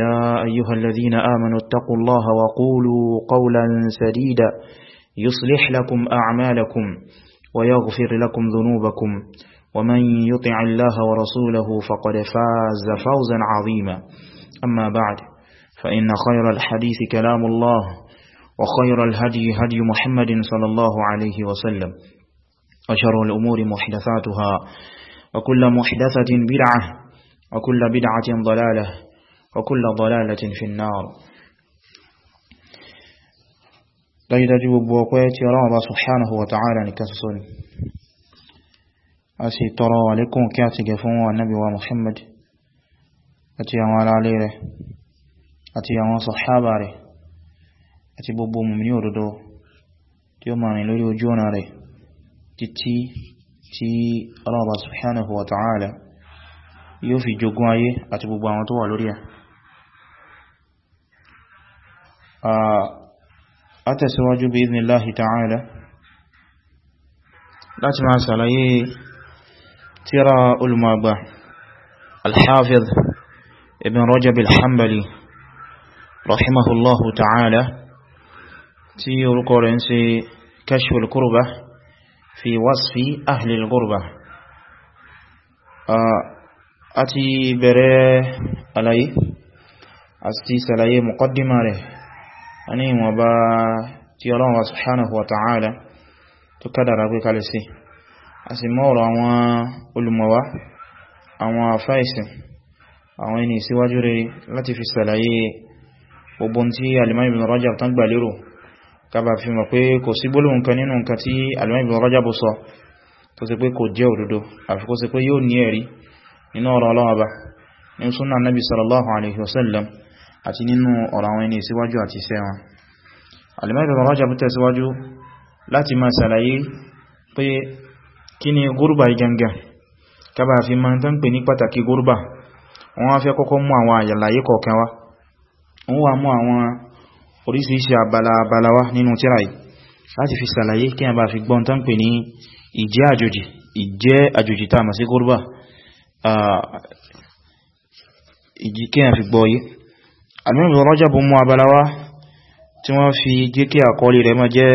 يا أيها الذين آمنوا اتقوا الله وقولوا قولا سديدا يصلح لكم أعمالكم ويغفر لكم ذنوبكم ومن يطع الله ورسوله فقد فاز فوزا عظيما أما بعد فإن خير الحديث كلام الله وخير الهدي هدي محمد صلى الله عليه وسلم أشر الأمور محدثاتها وكل محدثة بدعة وكل بدعة ضلالة وكل ضلالة في النار dájúdájú gbogbo ọpẹ́ tí ọlọ́wọ́ bá subhanahu wa ta'ala nìkan ṣoṣo ni a sì tọrọ àlékún kí a ti gẹ fún Ànábì wa Muhammad àti àwọn aláàlẹ́ rẹ̀ àti àwọn sàhábà rẹ̀ àti gbogbo mùmí òdodo tí ó mọ̀rin lórí ojú ọ̀nà rẹ̀ títí tí ọlọ́wọ́ bá subhanahu wa ta'ala yóò fi jogún ayé àti gbogbo àwọn tó wà lórí ẹ̀ آه، اتسواجو بإذن الله تعالى لا تمع سلاي ترى المابع الحافظ ابن رجب الحنبلي رحمه الله تعالى تي رقرنسي كشف الكربة في وصف أهل الغربة آه، أتي بري علي أستي سلاي مقدمة له a ní ìwọ̀n bá tí ọlọ́run wa subhanahu wa ta'ala tó kádàrà pé kalẹ̀ sí a sì mọ́ ọ̀rọ̀ àwọn olùmọ̀wá àwọn afáìsìn àwọn ẹni síwájú rẹ̀ láti fi sàlàyé ogun tí alimọ́ ibn Rajab tán gbà lérò kaba fi mọ̀ pé kò sí gbólóhùn kan nínú nǹkan tí alimọ́ ibn ọ̀rọ̀ ọlọ́wọ́ bá nínú súnà nabi sallallahu alaihi wasallam àti nínú ọ̀rọ̀ àwọn ẹni síwájú àti iṣẹ́ wọn al-Imam Ibn Rajab tẹ̀síwájú láti máa sàlàyé pé kí ni gúrùbà iganga kábà fi máa tán pè ní pàtàkì gúrùbà wọ́n wá fẹ́ kọ́kọ́ mú àwọn àyàlàyé kọ̀ọ̀kan wá abala wá nínú tírà yìí láti fi sàlàyé kí a bá fi gbọ́n tán pè ní ìjẹ́ àjòjì ìjẹ́ alimọ́bù rọ́jàbù mú abalawa tí wọ́n fi jẹ́ kí àkọlì rẹ̀ ma jẹ́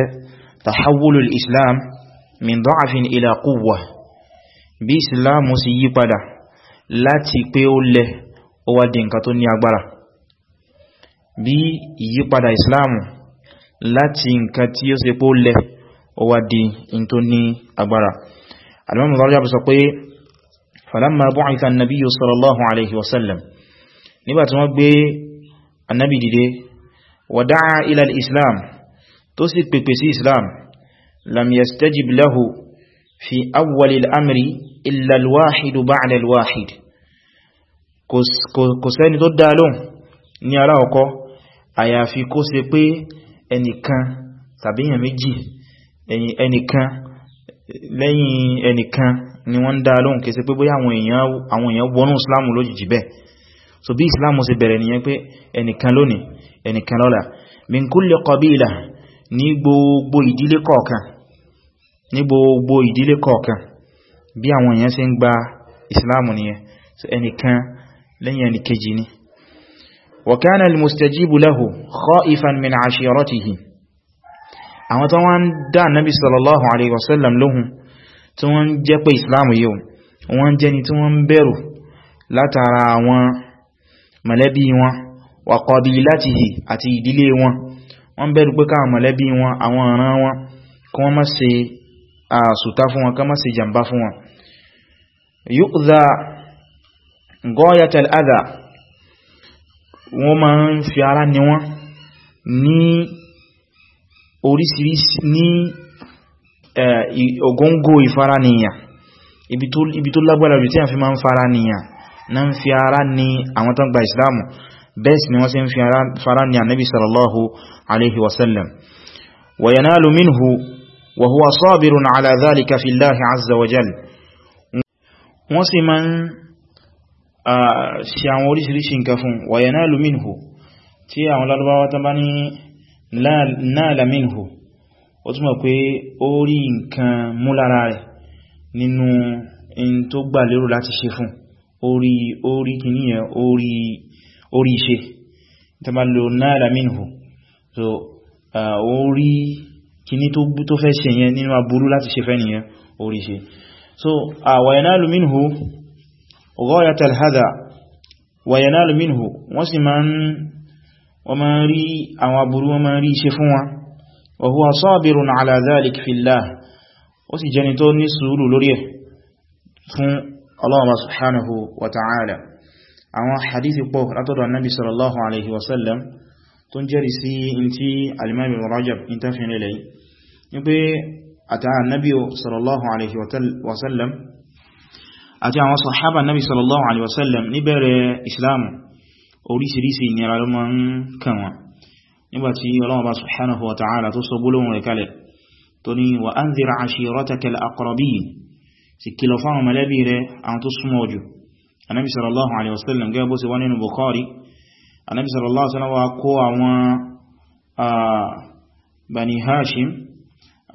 tahawulul islam min da'afin ila quwwa bí islamu sì yí padà láti pé ó lẹ ó wá di nǹkan tó ní agbára bí ìyípadà islamu láti nǹkan tí ó ṣe pé ó lẹ ó wá tó ní agbára alimọ́bù nígbàtí wọ́n gbé annabi dìde wàdáà ila al-islam tó sì pèpè sí islam lam yastajib lahu fi awwal al-amri illa al-wahid ba'da al-wahid kò sẹ́ni tó dá lóhùn ní ara ọkọ́ àyàfi kó ṣe pé ẹnìkan tàbí èèyàn méjì ẹnìkan lẹ́yìn ẹnìkan ni wọ́n dá lóhùn kì í ṣe pé bóyá àwọn èèyàn wọnú islamu lójijì bẹ́ẹ̀ so bí islam ṣe bẹ̀rẹ̀ nìyẹn pé ẹnìkan lónìí ẹnìkan lọ́la min kulli qabila ní gbogbo ìdílé kọ̀ọ̀kan ní gbogbo ìdílé kọ̀ọ̀kan bí àwọn èèyàn ṣe ń gba islam nìyẹn so ẹnìkan lẹ́yìn ẹnìkejì ni wa kana al-mustajibu lahu khaifan min ashiratihi àwọn tó wọ́n dá nabi sallallahu látara àwọn mọ̀lẹ́bí wọn wa qabilatihi àti ìdílé wọn wọ́n bẹ̀rù pé káwọn mọ̀lẹ́bí wọn àwọn ọ̀ràn wọn kí wọ́n má ṣe àsùtá fún wọn ká má ṣe jàmbá fún wọn yuqdha ghayatal adha wọ́n ma ń fi ara ní wọ́n ní orísìírísìí ní ọgọ́ngọ́ ìfaraniyàn ibi tó lágbára jù tí a fi ma ń faraniyàn na ń fi ara ní àwọn tó ń gba islamu bẹ́ẹ̀ sì ni wọ́n sì ń fi ara ní annabi sallallahu alaihi wasallam wa yanalu minhu wa huwa sabirun ala dhalika fillahi azza wa jal wọ́n sì máa ń ṣe àwọn oríṣiríṣi nǹkan fún wa yanalu minhu tí àwọn orí orí kìníyàn orí orí iṣẹ́ tí ma lò mínú so orí kìní tó fẹ́ ṣe yẹn nínú aburú láti ṣe fẹ́ nìyẹn orí iṣẹ́ so wàyanáàlù mínú ghayat al-hadha wàyanáàlù mínú wọ́n sì ma ń wọ́n ma ń rí àwọn aburú wọ́n ma ń rí iṣẹ́ fún wa wa huwa sabirun ala dhalik ó sì jẹni tó ní sùúrù lórí ẹ̀ fún Allah subhanahu wa ta'ala àwọn hadithi pọ̀ látọ̀dọ̀ annabi sallallahu alaihi wasallam tó ń jẹ́rì sí in tí alimami rajab in ta fi nílẹ̀ ní pé àtà annabi sallallahu alaihi wasallam àti àwọn sahaba annabi sallallahu alaihi wasallam ní bẹ̀rẹ̀ islam oríṣiríṣi ìnira ló ma ń kànwà nígbàtí Allah subhanahu wa ta'ala tó sọ gbólóhùn rẹ̀ kalẹ̀ tó ní wa anzir ashirataka al-aqrabin sì kìlọ̀ fáwọn mọ̀lẹ́bí rẹ̀ àwọn tó súnmọ́ jù anábi sallallahu alaihi wasallam gẹ́gẹ́ bó ṣe wá nínú Bukhari anábi sallallahu alaihi wasallam wá bani Hashim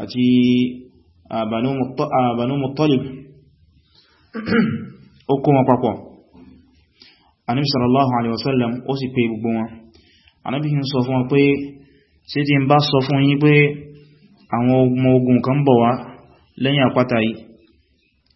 àti banu Muttalib ó alaihi sọ fún wọn pé sí ti ń bá sọ fún pé àwọn ogun kan bọ̀ wá lẹ́yìn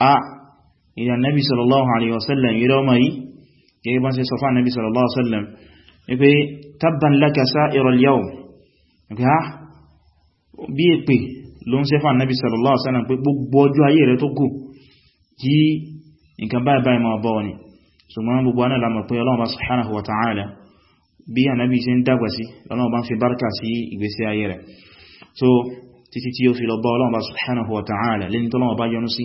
a ìdá nabi sallallahu alaihi wasallam yìí lọ́mọ yìí gẹ́gẹ́ bá ń ṣe sọ fún nabi sallallahu alaihi wasallam ní pé tabban laka sa'iral yawm ní ha ah, bí èpè ló ń ṣe fún nabi sallallahu alaihi wasallam pé gbogbo ọjọ́ ayé rẹ̀ dàgbà sí ọlọ́run bá ń fi barka sí ìgbésí ayé rẹ̀ so títí tí ó fi lọ bá ọlọ́run bá subhanahu wa ta'ala lẹ́ni tọ́lọ́run bá yọ́nú sí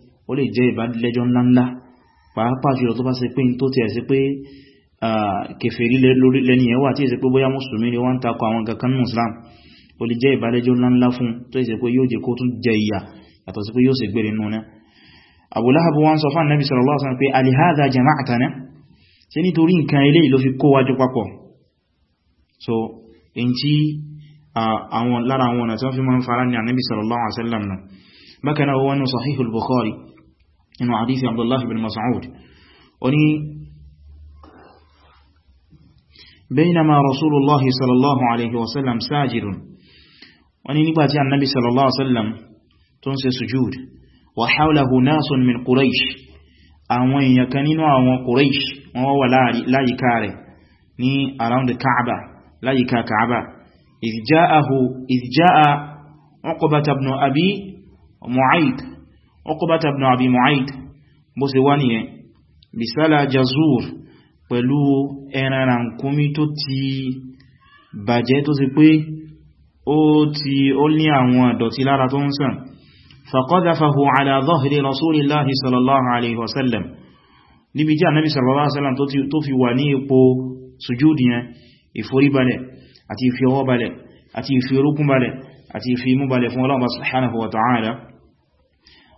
ó lè jẹ́ ìbánilẹ́jọ́ ńláńlá pàápàá jùlọ tó bá ṣe pé tó tiẹ̀ sí pé kèfèrí lẹ́ni ẹ̀wà tí ìsẹ́ pé bóyá mùsùlùmí ni wọ́n ń takọ àwọn kankan nù Islam ó lè jẹ́ ìbánilẹ́jọ́ ńláńlá fún tó ìsẹ́ pé yóò jẹ́ kó tún jẹ ìyà yàtọ̀ sí pé yóò sì gbére nù náà Abu Lahab wọ́n sọ fún Nabi sallallahu alaihi pé alihada jama'atana ṣe nítorí nǹkan eléyìí so in tí àwọn lára àwọn ọ̀nà tí wọ́n fi máa ń fara ní Nabi sallallahu alaihi inú hadisi abdullahi bin mas'ud oní bainama rasulullahi sallallahu alaihi wasallam sajidun wani nígbàtí annabi sallallahu alaihi wasallam tó ń ṣe sujud wa hawlahu nasun min quraish àwọn èèyàn kan nínú àwọn quraish wọ́n wà láyìíká rẹ̀ ní around the kaaba láyìíká kaaba idh jaa'a uqbata ibn abi mu'ayth Uqbata ibn Abi Mu'ayd bó ṣe wá nìyẹn bisala jazur pẹ̀lú ẹran ràkúnmí tó ti bàjẹ́ tó sì pé ó ti ó ní àwọn àdọ̀tí lára tó ń sàn faqadhafahu ala dhahri rasulillahi sallallahu alaihi wasallam níbi tí ànábì sallallahu alaihi wasallam tó fi wà ní ipò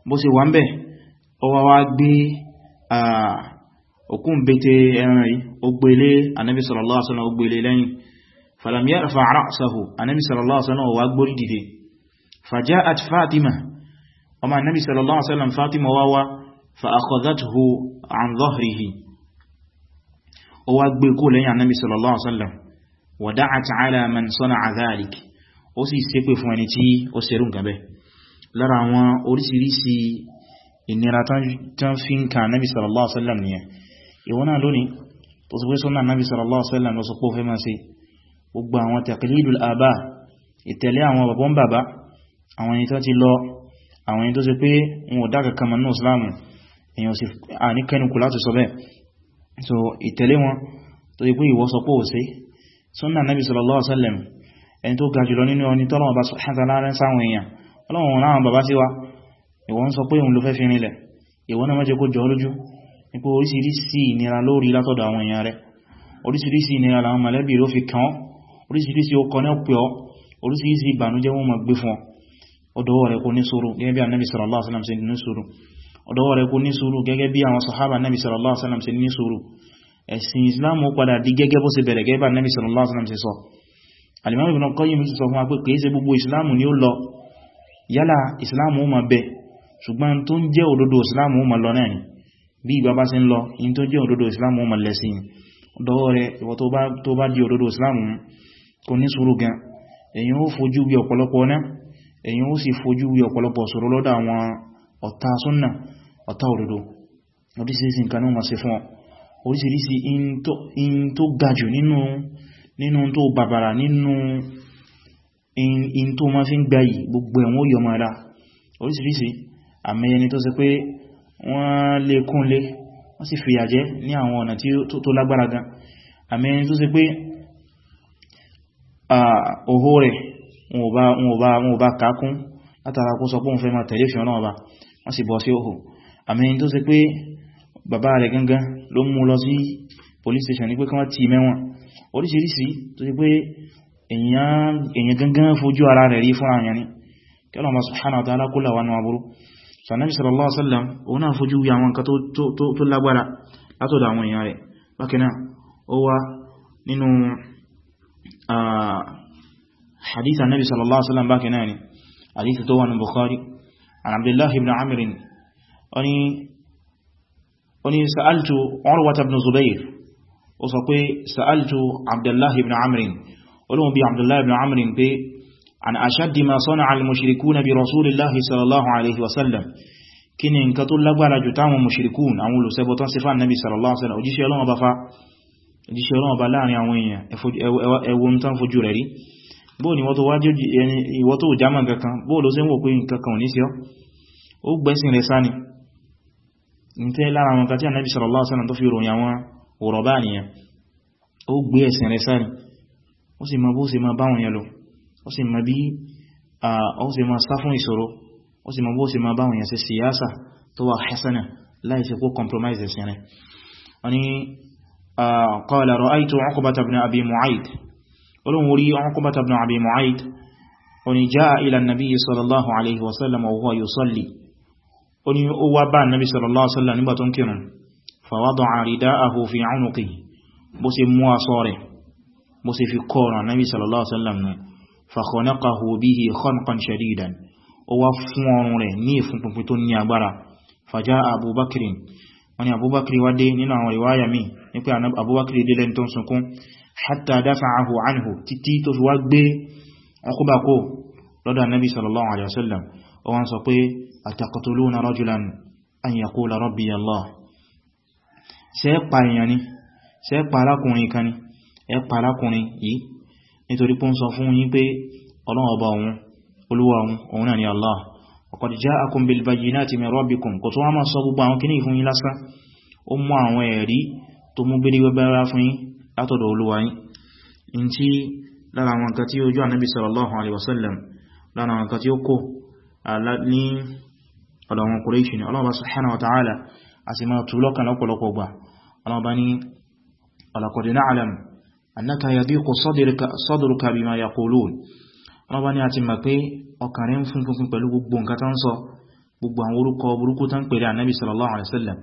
bó ṣe wà ń bẹ̀ ọwá wá gbé òkun bété ẹran yìí ó gbélé anábi sallallahu alaihi wasallam ó gbélé lẹ́yìn falam yarfa' ra'sahu anábi sallallahu alaihi wasallam ó wá gbórí dìde faja'at Fatima ọmọ anábi sallallahu alaihi wasallam Fatima wá wá fa akhadhathu an dhahrihi ó wá gbé kó lẹ́yìn anábi sallallahu alaihi wasallam wa da'at ala man sana'a dhalik ó sì ṣépè fún ẹni tí ó ṣerú nǹkan bẹ́ẹ̀ lára àwọn orísìírísìí ìnira tán fi ń ka nábi sallallahu alaihi wasallam nìyẹn ìwọ́n náà lónìí tó sọ pé sọ́nà nábi sallallahu alaihi wasallam lọ sọ pé ó fẹ́ máa ṣe gbogbo àwọn taqlidul àbá ìtẹ̀lé àwọn bàbọ́n bàbá àwọn ẹni tó ti lọ àwọn ẹni tó so ìtẹ̀lé wọn tó yí pé ìwọ sọ pé òsè sunna nabi sallallahu alaihi wasallam ẹni tó ga jùlọ nínú ọni tọ́lọ̀ ọba subhanahu wa sáwọn èèyàn ọlọ́run láwọn bàbá sí wa ìwọ́n sọ pé òun ló fẹ́ fi rinlẹ̀ ìwọ́n náà mẹ́jẹ kó jọ lójú nípa orísìírísìí ìnira lórí látọ̀dọ̀ àwọn èèyàn rẹ̀ orísìírísìí ìnira làwọn mọ̀lẹ́bí ló fi kàn orísìírísìí ó kọ́nẹ́ pẹ́ ọ orísìírísìí ìbànújẹ́ wọn ma gbé fún ọdọ́wọ́ rẹ̀ kó ní sùúrù gẹ́gẹ́ bí Ànábì sallallahu alaihi wasallam ṣe ní sùúrù ọdọ́wọ́ rẹ̀ kó ní sùúrù gẹ́gẹ́ bí àwọn sàhábà Ànábì sallallahu alaihi wasallam ṣe ní sùúrù ẹ̀sìn Islam ó padà di gẹ́gẹ́ bó ṣe bẹ̀rẹ̀ gẹ́gẹ́ bí ni ó lọ yálà Islamu ó ma bẹ ṣùgbọ́n tó ń jẹ́ òdodo islam ó ma lọ náà ni bí ìgbà bá sí ń lọ in tó jẹ́ òdodo islam ó ma lẹ sí dọ́wọ́ rẹ̀ ìwọ tó bá di òdodo islam kò ní sùúrù gan èyàn ó fojú bí ọ̀pọ̀lọpọ̀ náà èyàn ó sì fojú bí ọ̀pọ̀lọpọ̀ sọ̀rọ̀ lọ́dọ̀ in tó ma fi ń gbayì gbogbo ẹ̀wọ̀n yọ mara orísìírísìí àmẹ́yẹ ni tó ṣe pé wọ́n lè kúnlé wọ́n sì fìyà jẹ ní àwọn ọ̀nà tó lágbára gan àmẹ́yẹ ni tó ṣe pé òhó rẹ̀ wọn ò bá kákún látara kó sọ pé òun fẹ́ máa tẹ̀lé fi ọ̀nà police station ní pé kí wọ́n ti mẹ́wọ̀n orísìírísìí tó ṣe pé èyàn gangan fojú ara rẹ̀ rí fún àyàn ní kẹ́lọ̀ ma subhanahu wa ta'ala kúlà wọn àbúrú so Ànábì sallallahu alaihi wasallam òun náà fojú wí àwọn nǹkan tó lágbára látọ̀dọ̀ àwọn èèyàn rẹ̀ bákanáà ó wá nínú hadith Ànábì sallallahu alaihi wasallam bákanáà ni hadith tó wà ní Bukhari an Abdullahi ibn Amr oni sa'altu Urwa ibn Zubair ó sọ pé sa'altu olóhun bí abdullahi ibn amrin pé an ashaddi ma sọ́nà al-mushrikuna bi rasulillahi sallallahu alaihi wasallam kí ni nǹkan tó lágbára jù táwọn mushrikun àwọn olùsẹ́bọ̀ tán sífà nabi sallallahu alaihi wasallam òjíṣẹ́ ọlọ́wọ́ bá fa òjíṣẹ́ ọlọ́wọ́ bá láàrin àwọn èèyàn ẹwọ́n tán fojú rẹ̀ rí bóò ni ìwọ́ tó jámà kankan bóò ló sẹ́wọ̀ pé nǹkan kan ò ní sí ọ́ ó gbẹ́sìn rẹ̀ gbé ẹ̀sìn rẹ̀ sáni ó sì ma bó ṣe ma báwọn yẹn lò ó sì ma bí ó sì ma sá fún ìṣòro ó sì ma bó ṣe ma báwọn yẹn ṣe siyasa tó wà hasana láìsí kó compromise sí rẹ̀ wani qala ra'aytu Uqbata ibn Abi Mu'ayth olóhun orí Uqbata ibn Abi Mu'ayth oni jaa ila nabi sallallahu alaihi wasallam wa huwa bó ṣe fi kọ́ ọ̀rọ̀ Ànábì sallallahu alaihi wasallam fakhanaqahu bihi khanqan shadidan ó wá fún ọrùn rẹ̀ ní ìfúnpinpin tó ní agbára fàjá abubakir wani abubakir wá dé nínú àwọn riwaya mi ní pé abubakir dé lẹ́ni tó ń sunkún hatta dafa'ahu anhu títí tó fi wá gbé akúbakó lọ́dọ̀ Ànábì sallallahu alaihi wasallam ó wá sọ pé ataqtuluna rajulan an yaqula rabbi Allah ṣe pa èèyàn ni kan ni ẹ parákùnrin yìí nítorí pé ń sọ fún yín pé ọlọ́run ọba òun olúwa òun òun náà ni Allah qad ja'akum bil bayyinati min rabbikum kò tó wá máa sọ gbogbo àwọn kìíní fún yín lásán ó mú àwọn ẹ̀rí tó mú gbérí wẹ́bẹ́rá fún yín látọ̀dọ̀ olúwa yín in tí lára àwọn nǹkan tí ojú ànábì sallallahu alaihi wasallam lára àwọn nǹkan gbà Allah ní ọ̀làkọ̀dẹ̀ náà annaka yadiqu sadruka sadruka bima yaqulun wọ́n bá ní a ti mọ̀ pé ọkàn rẹ̀ ń fún funfun pẹ̀lú gbogbo nǹkan tán sọ gbogbo àwọn orúkọ burúkú tán pèrè ànábì sallallahu alaihi wasallam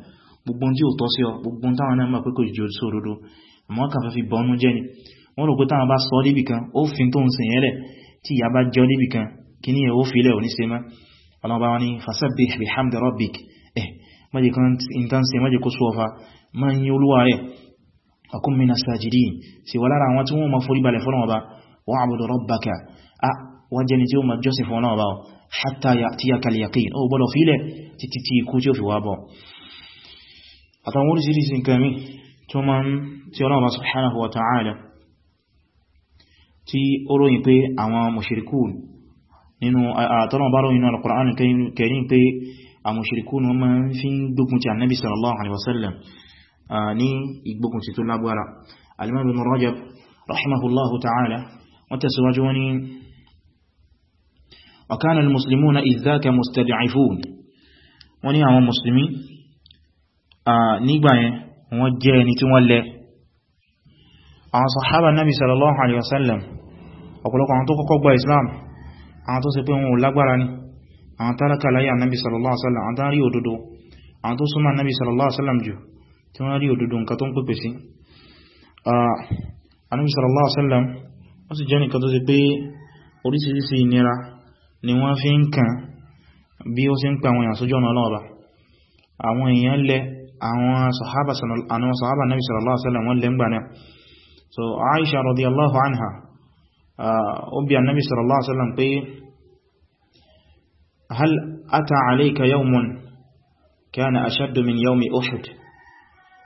gbogbo tí ó tọ́ sí ọ gbogbo táwọn náà mọ̀ pé kò jù sí òdodo àmọ́ kà fẹ́ fi bọnú jẹ́ ni wọ́n rò pé táwọn bá sọ débì kan ó fi tó ń sìn yẹ́lẹ̀ tí ìyá bá jọ débì kan kí ní ẹ̀wọ́ filẹ̀ òní se mọ́ ọlọ́ba wọn ni fasabbih bihamdi rabbik eh mọ́jẹ̀ kan in tán se mọ́jẹ̀ kó sọ ọfà máa ń yí olúwa rẹ̀ akun mina sajidin sì wà lára àwọn tí wọ́n máa forí balẹ̀ fọ́nà ọba wa abudu rabbaka a wọ́n jẹni tí ó máa jọ́sìn fọ́nà ọba hatta ya'tiyaka al-yaqin ó gbọ́dọ̀ fílẹ̀ títí tí ikú tí ó fi wá bọ̀ àtàwọn orísìírísìí nǹkan mi tí ó máa ń tí ọlọ́ọ̀bá subhanahu wa ta'ala tí ó ròyìn pé àwọn mushrikun nínú àtọ́nà bá ròyìn náà al kẹrin pé àwọn mushrikun wọ́n máa fi gbógun ti annabi sallallahu alaihi wasallam ní ìgbókùnsí tó lágbára al-Imam Ibn Rajab rahimahullahu ta'ala wọ́n tẹ̀síwájú wọ́n ní wa kana al-muslimuna idh-dhaka mustad'ifun wọ́n ní àwọn musulmi nígbà yẹn wọ́n jẹ́ ẹni tí wọ́n lẹ àwọn sahaba nabi sallallahu alaihi wasallam ọ̀pọ̀lọpọ̀ àwọn tó kọ́kọ́ gba islam àwọn tó ṣe pé wọn ò lágbára ni àwọn tálákà láyé nabi sallallahu alaihi wasallam àwọn tó rí àwọn tó súnmọ́ nabi sallallahu alaihi wasallam jù tí wọ́n rí òdodo nǹkan tó ń pèpè sí Ànábì sallallahu alaihi wasallam wọ́n sì jẹ́ nìkan tó ṣe pé oríṣiríṣi ìnira ni wọ́n fi ń kàn bí ó sì ń pè àwọn èèyàn sójú ọ̀nà ọlọ́ọ̀bá àwọn èèyàn lẹ àwọn sahaba Ànábì sallallahu alaihi wasallam wọ́n lẹ ń gbà náà so Aisha radiyallahu anha ó bi Ànábì sallallahu alaihi wasallam pé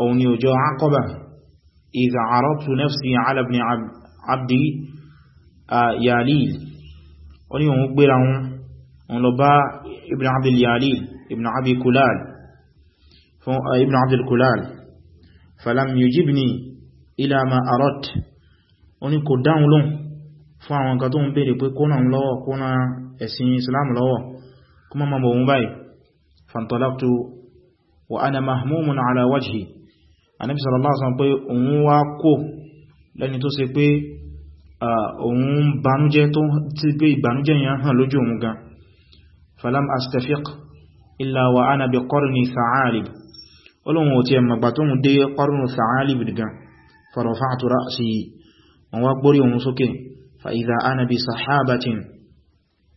òun ni ọjọ́ àkọ́bà idha aradtu nafsi ala ibn abdi yalil ó ní òun gbéra wọn òun lọ bá ibn abdil yalil ibn abdil kulal ibn abdil kulal falam yujibni ila ma arat ó ní kò dáhùn lóhùn fún àwọn nǹkan tó ń bèèrè pé kónà lọ́wọ́ kónà ẹ̀sìn islam lọ́wọ́ wa ana mahmumun ala wajhi anabi sallallahu alaihi wasallam pé òun wá kó lẹ́ni tó ṣe pé òun bànújẹ́ tó ti gbé ìbànújẹ́ yẹn hàn lójú òun gan falam astafiq illa wa ana bi qarni sa'alib olóhun ò ti ẹ̀ màgbà tó ń dé qarni sa'alib gan farafa'tu ra'si wọn wá gbórí òun sókè fa idha ana bi sahabatin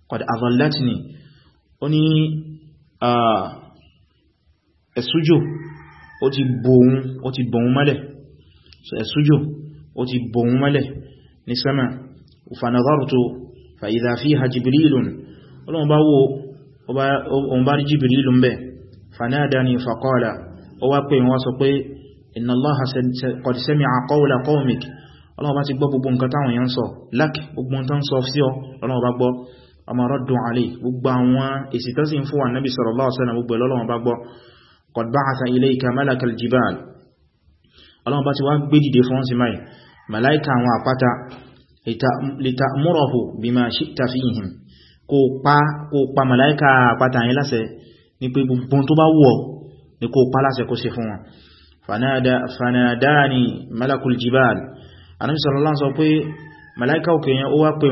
qad adallatni ó ní ẹ̀sújò ó ti bòun ó ti bòun mọ́lẹ̀ so ẹ̀sújò ó ti bòun mọ́lẹ̀ ní sánmà fanadhartu fa idha fiha jibrilun ọlọ́run bá wo òun bá rí jibrilun bẹ́ fanadani faqala ó wá pé wọ́n sọ pé inna allaha qad sami'a qawla qawmik ọlọ́run bá ti gbọ́ gbogbo nǹkan táwọn èèyàn sọ lak gbogbo tó ń sọ sí ọmọ rọ́dùn àlè gbogbo àwọn èsì tó sì ń fún wa nábi sallallahu gbogbo ọlọ́run bá gbọ́ قد بعث إليك ملك الجبال الله باتي وان بيدي دي فونسي ماي ملائكة وعقاتا لتأمره بما شئت فيهم kó pa kó pa màláíkà àpáta yẹn láṣẹ ní pé gbogbo tó bá wọ̀ ní kó pa láṣẹ kó ṣe fún wọn fanadani malakul jibal anábi sallallahu sọ pé màláíkà ó wá pè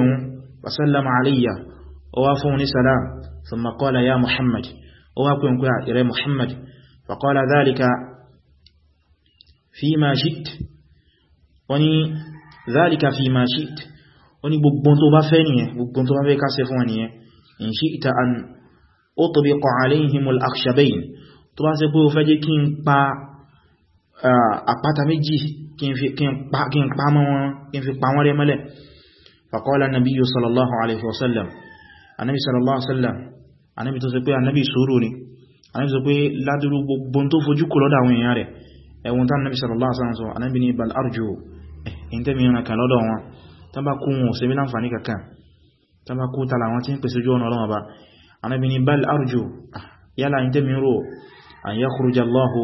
wọn pé ìrẹ muhammad فقال ذلك فيما شئت وني ذلك فيما شئت وني gbogbo tó bá fẹ́ nìyẹn gbogbo tó bá fẹ́ ká ṣe fún nìyẹn in shi'ta an utbiq alayhim al-akhshabayn tó bá ṣe pé ó fẹ́ jẹ́ kí n pa àpáta méjì kí n fi kí n pa kí n pa mọ́ wọn kí n fi pa wọ́n rẹ́ mọ́lẹ̀ faqala nabiyyu sallallahu alayhi wa sallam anabi sallallahu alayhi wa sallam anabi tó ṣe pé anabi sùúrù ni anábi sọ pé ládúrú gbogbo tó fojú kò lọ́dọ̀ àwọn èèyàn rẹ̀ ẹ̀wọ̀n tán nàbí sallallahu alaihi wasallam anábi ní bal arjò eh, in tẹ́mi ìrìnà kan lọ́dọ̀ wọn tán bá kú wọn òsèmí láǹfàní kankan tán bá kú tàlà wọn tí ń pèsè ojú ọ̀nà ọlọ́wọ́ bá anábi ní bal arjò ah, yálà in tẹ́mi rò an yakhruja Allahu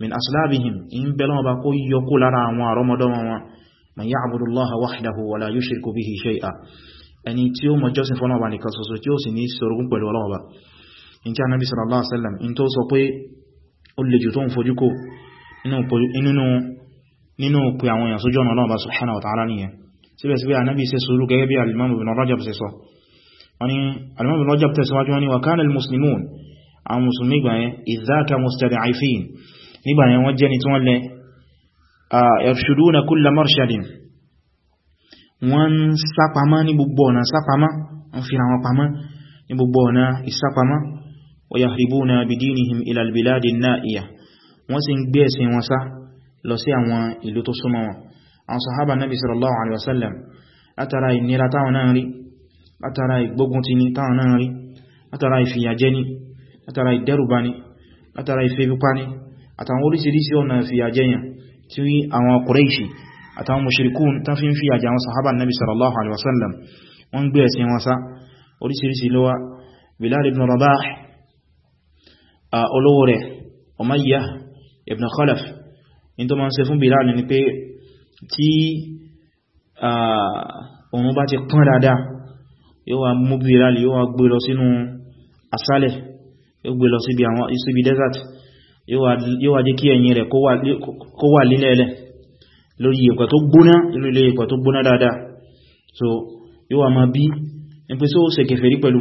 min aslabihim in bẹ̀lọ́wọ́ bá kó yọkú lára àwọn àrọmọdọ́ wọn man ya'budu Allaha ó sì ní sorogún pẹ̀lú ọlọ́wọ́ in tí anábi sallallahu alaihi wasallam in tó sọ pé ó lè jù tó ń fojú kó nínú pé àwọn èèyàn sójú ọ̀nà Ọlọ́run subhanahu wa ta'ala nìyẹn síbẹ̀síbẹ̀ anábi ṣe sùúrù gẹ́gẹ́ bí al-Imam Ibn Rajab ṣe sọ wani al-Imam Ibn Rajab tẹ̀síwájú wani wa kana al-muslimun àwọn musulmi gbà yẹn idhaka mustada'ifin nígbà yẹn ìsápamá ويهربون بدينهم إلى البلاد النائية وسن بيس وسا لسي عوان إلو تسموا عن صحابة النبي صلى الله عليه وسلم أترى النيرة تاوناري أترى بغتني تاوناري أترى في يجني أترى الدرباني أترى في بقاني أترى ورسلسي ونا في يجني تي àwọn Quraishi àtàwọn mushrikun tán fi ń fi àjà àwọn sahaba nabi sallallahu alaihi wasallam wọ́n gbé ẹ̀sìn wọn sá oríṣiríṣi lọ́wọ́ Bilal Ah, olówó rẹ̀ Umayyah ibn Khalaf ní tó máa ń ṣe fún Bilal ni pé tí ah, òun bá ti pọ́n dáadáa yóò wá mú Bilal yóò wá gbé lọ sínú asálẹ̀ yóò gbé lọ síbi desert yóò wá jẹ́ kí ẹ̀yìn rẹ̀ kó wà lílẹ̀ẹ́lẹ̀ lórí ìpẹ̀ tó gbóná inú ilé ìpẹ̀ tó gbóná dáadáa so yóò wá máa bí ní pé só ṣe kèfèrí pẹ̀lú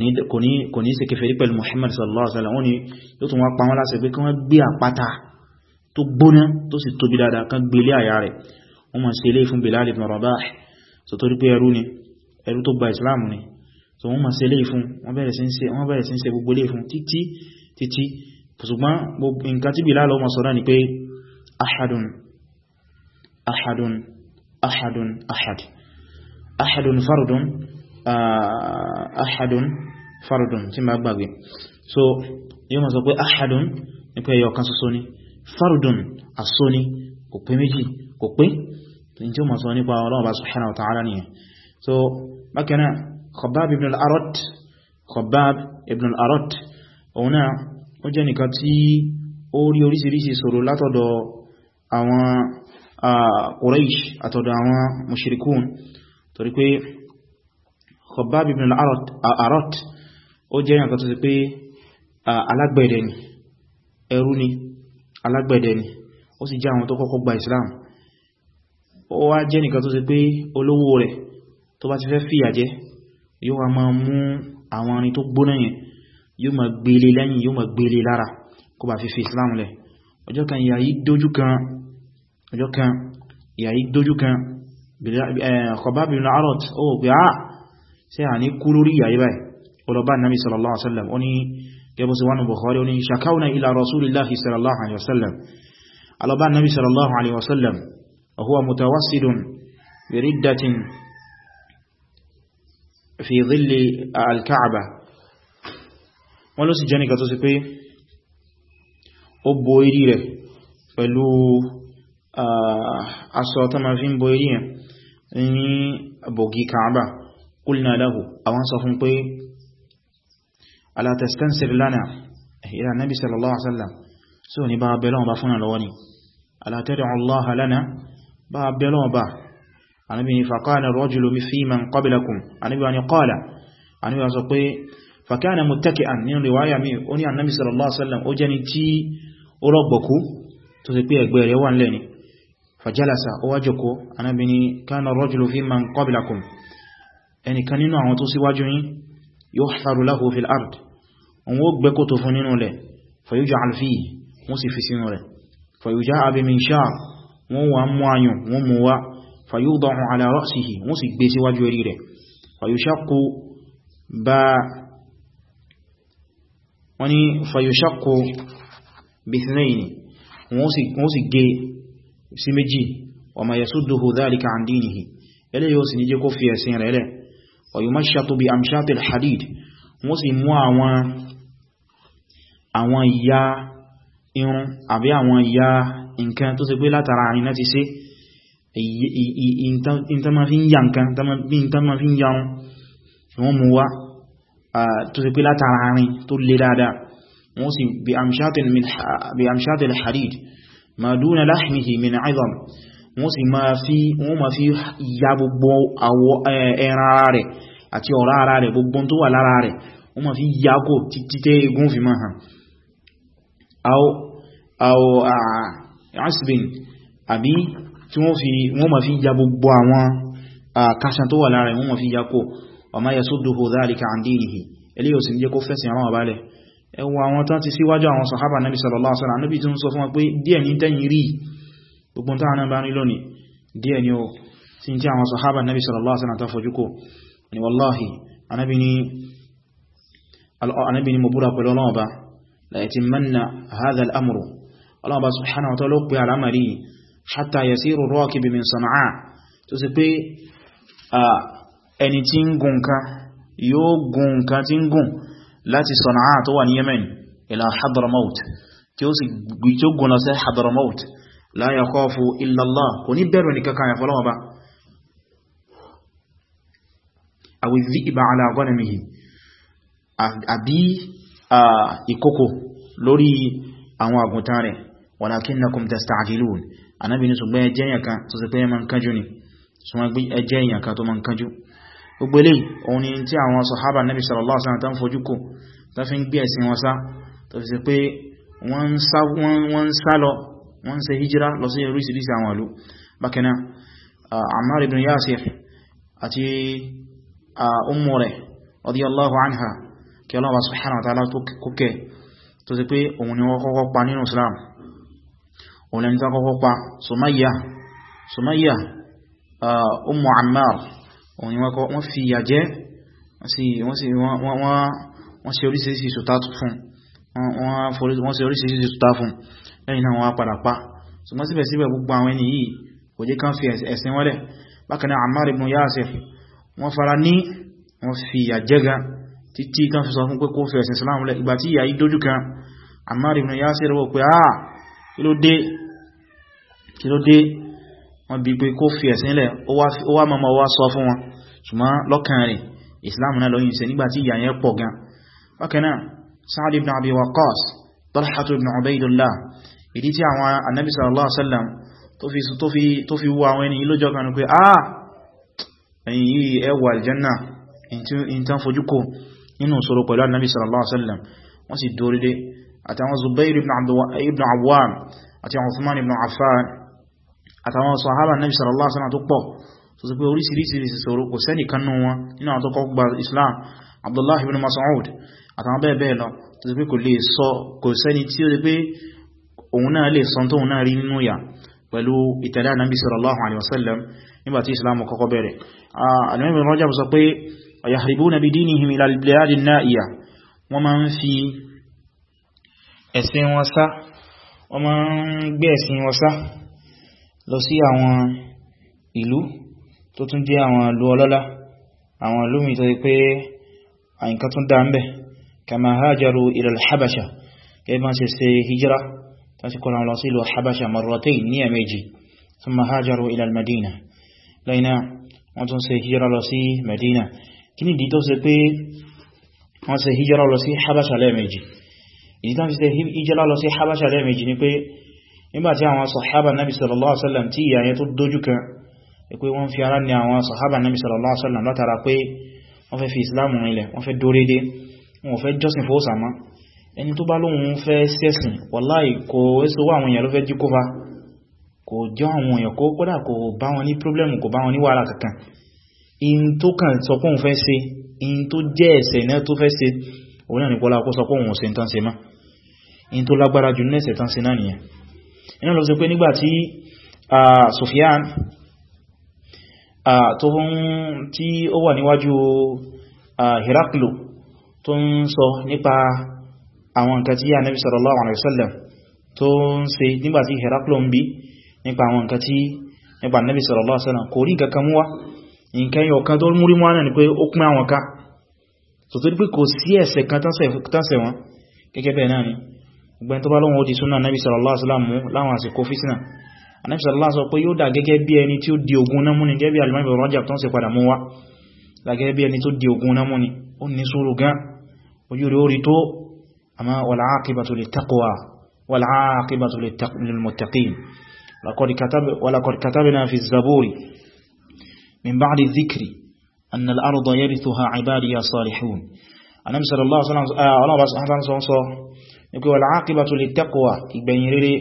kò ní ṣe kèfèrí pẹ̀lú Muhammad sallallahu alaihi wasallam wọ́n ní yóò tún wá pa wọ́n láṣẹ pé kí wọ́n gbé àpáta tó gbóná tó sì tóbi dáadáa kan gbélé àyà rẹ̀ wọ́n máa ṣe eléyìí fún Bilal ibn Rabah so torí pé ẹrú ni ẹrú tó gba Islam ni so wọ́n máa ṣe eléyìí fún wọ́n bẹ̀rẹ̀ sí ń ṣe wọ́n bẹ̀rẹ̀ sí ń ṣe gbogbo eléyìí fún títí títí ṣùgbọ́n nǹkan tí Bilal ó sọ náà ni pé ahadun ahadun ahadun ahad ahadun fardun ah, ahadun faradun tí ma gbàgbé so yíò ma sọ pé ahadun ní pé ẹyọ kan ṣoṣo ni faradun aso ni kò pé méjì kò pé tí ó ma sọ nípa Ọlọ́run subhanahu wa ta'ala nìyẹn so bákanáà Khabbab ibn al-Arat Khabbab ibn al-Arat òun náà ó jẹ́ nìkan tí ó rí oríṣiríṣi sọ̀rọ̀ látọ̀dọ̀ àwọn Quraysh àtọ̀dọ̀ àwọn mushrikun torí pé Khabbab ibn al-Arat ó jẹ́ yàn tó sì pé alágbẹ̀dẹ ni ẹrú ni alágbẹ̀dẹ ni ó sì jẹ́ àwọn tó kọ́kọ́ gba Islam ó wá jẹ́ nìkan tó sì pé olówó rẹ̀ tó bá ti fẹ́ fìyà jẹ yóò wá máa mú àwọn arin tó gbóná yẹn yóò máa gbélé lẹ́yìn yóò máa gbélé lára kó bá fi fi Islam lẹ̀ ọjọ́ kan ìyà yìí dójú kan ọjọ́ kan ìyà yìí dójú kan eh, Khabbab bin Al-Arat ó wò pé ah ṣe à ní ọlọ́bá nabi sallallahu alaihi wasallam oní gẹbọ́ sí wánà bukhari oní shakawna ila rasulillahi sallallahu alaihi wasallam alọ́bá nabi sallallahu alaihi wasallam huwa mutawassidun bi riddatin fi dhilli al-ka'ba wọ́n ló sì jẹ́ nìkan tó sì pé ó bo irí rẹ̀ pẹ̀lú aṣọ tó ma fi ń bo irí rẹ̀ ní bògì ka'ba qulna lahu àwọn sọ fún pé ala tastansir lana ila nabi sallallahu alaihi wasallam so ni ba be lon ba fún lọ́wọ́ ni ala tad'u allah lana ba be lon ba anabi fa qala ar-rajulu fi man qablakum anabi wa ni qala anabi wa sọ pé fa kana muttaki'an ni riwaya mi ó ní annabi sallallahu alaihi wasallam ó jẹ́ ni yuhfaru lahu fil ard wọ́n ó gbẹ́ kòtò fún nínú rẹ̀ fayuj'al fihi wọ́n sì fi sínú rẹ̀ fayuja'a bi minshaar wọ́n wà mú ayùn wọ́n mú wá fayuda'u ala ra'sihi wọ́n sì gbé síwájú orí rẹ̀ fayushaqqu ba wọ́n ni fayushaqqu ويمشط بأمشاط الحديد wọ́n sì mú àwọn ìyá irun àbí àwọn ìyá nǹkan tó ṣe pé látara àrin láti ṣe ìntàmàfíyà nǹkan ìntàmàfíyà wọ́n mú wá tó ṣe pé látara àrin tó lè dáadáa wọ́n sì bí amṣátil hadid ma dúnà láhìmìhì min 'idham wọ́n sì máa fi wọ́n máa fi ya gbogbo àwọ̀ ẹran ara rẹ̀ àti ọ̀rá ara rẹ̀ gbogbo tó wà lára rẹ̀ wọ́n máa fi ya kò títí tẹ́ egun fi máa hàn àwọ̀ asibin àbí tí wọ́n máa fi ya gbogbo àwọn kásán tó wà lára rẹ̀ wọ́n máa fi ya kò ọmọ yẹ só dúhò dhalika an dinihi eléyò sì ń jẹ́ ẹwọ àwọn tán ti síwájú àwọn sàhábà nabi sallallahu alaihi wasallam nabi tí ń sọ fún wọn pé díẹ̀ ní tẹ́yìn rí gbogbo táwọn náà bá ní lónìí díẹ̀ ni ó tí ń tí àwọn sahaba nabi sallallahu alaihi wasallam ta fojú kò ni wallahi anabi ni anabi ni mo búra pẹ̀lú ọlọ́wọ́ ba la yatimanna hadha al-amru ọlọ́wọ́ ba subhanahu wa ta'ala pe alamari hatta yasiru rakibi min sana'a tó sì láti sana'a tó wà ní yemen tó gùn lọ la yakhafu illa Allah kò ní bẹ̀rù ní kankan àyàfi Ọlọ́run Ọba awi dhi'ba ala ghanamihi àbí ìkókò lórí àwọn àgùntàn rẹ̀ walakinnakum tasta'jilun Ànábì ní ṣùgbọ́n ẹjẹ́ èyàn kan tó sì pé ẹmọ nkanjú ni ṣùgbọ́n gbé ẹjẹ́ èyàn kan tó mọ nkanjú gbogbo ilé òun ni tí àwọn sọ̀hábà Ànábì sallallahu alaihi wasallam tán fojú sì pé wọ́n ń sá lọ wọ́n ṣe hijira lọ sí orísìírísìí àwọn ìlú bákan náà Ammar ibn Yasir àti ummu rẹ̀ radiyallahu anha kí Allah subhanahu wa ta'ala tó kókẹ́ tó sì pé òun ni wọ́n kọ́kọ́ pa nínú Islam òun ni wọ́n kọ́kọ́ pa Sumayya Sumayya ummu Ammar òun ni wọ́n lẹ́yìn náà wọ́n padà pa ṣùgbọ́n síbẹ̀síbẹ̀ gbogbo àwọn ẹni yìí kò jẹ́ kán fi ẹ̀sìn wọ́lẹ̀ bákan náà Ammar ibn Yasir wọ́n fara ní wọ́n fi ìyà jẹ́ga títí tán fi sọ fún pé kó fi ẹ̀sìn Islam lẹ̀ ìgbà tí ìyà yìí dójú kan Ammar ibn Yasir wọ́n pé ah kí ló dé kí ló dé wọ́n bi pé kó fi ẹ̀sìn lẹ̀ ó wá mọ́mọ́ wá Islam náà lọ́yìn ìṣẹ́ nígbà tí pọ̀ gan bákan náà ibn Abi Waqqas Talha ibn Ubaydullah ìdí tí àwọn annabi sallallahu alaihi wasallam tó fi wọ àwọn ẹni ilójọ́ kan pé ah ẹ̀yìn yìí ẹwà aljanna in tán fojúkò nínú sọ̀rọ̀ pẹ̀lú annabi sallallahu alaihi wasallam wọ́n sì dórídé àtàwọn zubair ibn awwam àti àwọn uthman ibn affan àtàwọn sahaba annabi sallallahu alaihi wasallam tó pọ̀ tó sì pé orísìírísìí sọ̀rọ̀ kò sẹ́nì kan nù wọn nínú àwọn tó kọ́ gba islam abdullahi ibn mas'ud àtàwọn bẹ́ẹ̀ bẹ́ẹ̀ lọ tó sì pé kò lè sọ kò sẹ́ni tí ó lè pé òun náà lè sọ tóun náà rí nínú yà pẹ̀lú ìtẹ̀lé ànábì sallallahu alaihi wasallam nígbà tí islam kọ́kọ́ bẹ̀rẹ̀ alimami rajab sọ pé yahribuna bidinihim ila albilad an-na'iya wọ́n máa ń fi ẹ̀sìn wọn sá wọ́n máa ń gbé ẹ̀sìn wọn sá lọ sí àyíká tún dá ń bẹ̀ kama hajaru ila al-habasha ṣe ṣe hijira تشكر على صيل الحبشة مرتين نيميجي ثم هاجروا إلى المدينة لأن wọ́n ṣe hijira lọ sí Medina kí ni ìdí tó ṣe pé wọ́n ṣe hijira lọ sí Habasha lẹ́ẹ̀mejì ìdí tán ṣe hijira lọ sí Habasha lẹ́ẹ̀mejì ni pé nígbàtí àwọn sọ̀hábà nabi sallallahu alaihi wasallam tí ìyà yẹn tó dójú kan pé wọ́n fi ara ní àwọn sọ̀hábà nabi sallallahu alaihi wasallam látara pé wọ́n fẹ́ fi Islam rinlẹ̀ wọ́n fẹ́ dórédé wọ́n fẹ́ jọ́sìn fóòsàmá ẹni tó bá lóhun fẹ́ sẹ́sìn wàláì kò ẹ́sọ́ àwọn èèyàn ló fẹ́ jí kó fa kò jọ àwọn èèyàn kó kódà kò bá wọn ní pírọ́blẹ̀mù kò bá wọn ní wàhálà kankan in tó kàn sọ pé òun fẹ́ ṣe in tó jẹ́ ẹ̀ṣẹ̀ náà tó fẹ́ ṣe òun náà ní kọ́lá kó sọ pé òun ṣe tó ń sọ nípa àwọn nǹkan tí Ànábì sallallahu alaihi wasallam tó ń ṣe nígbàtí Heraklo ń bí nípa àwọn nǹkan tí nípa Ànábì sallallahu alaihi wasallam kò rí nǹkan kan mú wá nǹkan yọ kan tó múrí mú wá náà ni pé ó pín àwọn ká so tó dípé kò sí ẹ̀ṣẹ̀ kan tánṣẹ̀ wọn gẹ́gẹ́ bẹ́ẹ̀ náà ni gbẹ́n tó bá lọ́wọ́ ó di súnà Ànábì sallallahu alaihi wasallam mú láwọn àsìkò fìtínà Ànábì sallallahu alaihi sọ pé yóò dà gẹ́gẹ́ bí ẹni tí ó di ogun náà mú ni gẹ́gẹ́ bí alimami tó ń ṣe padà mú wá gẹ́gẹ́ bí ẹni tó di ogun náà mú ó ní sùúrù gan ojú rẹ̀ ó rí tó أما والعاقبة للتقوى والعاقبة للمتقين لقد كتب ولقد كتبنا في الزبور من بعد الذكر أن الأرض يرثها عبادي الصالحون أنا صلى الله عليه وسلم الله سبحانه وتعالى يقول والعاقبة للتقوى ìgbẹ̀yìn rere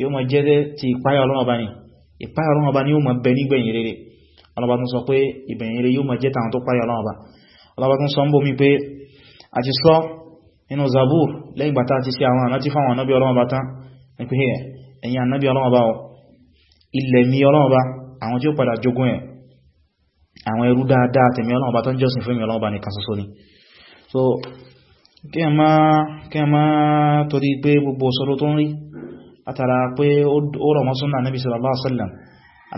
yóò máa jẹ́ ti ìpáyà Ọlọ́run Ọba ni ìpáyà Ọlọ́run Ọba ni yóò máa bẹ ní ìgbẹ̀yìn rere ọlọ́ba tún sọ pé ìgbẹ̀yìn rere yóò máa jẹ́ tàwọn tó páyà Ọlọ́run Ọba ọlọ́ba tún sọ ń bó mi pé àti sọ nínú zabur lẹ́yìn bàtà ti sí àwọn ànájí fáwọn ànábí ọlọ́wọ́ bá tán ní pé ẹ̀yìn ànábí ọlọ́wọ́ bá ọ ilẹ̀ mi ọlọ́wọ́ bá àwọn tí ó padà jogún ẹ̀ àwọn ẹrú dáadáa tẹ̀mí ọlọ́wọ́ tán jọ́sìn fún mi ọlọ́wọ́ so kí ẹ má torí pé gbogbo sọ́rọ̀ tó ń rí látara pé ó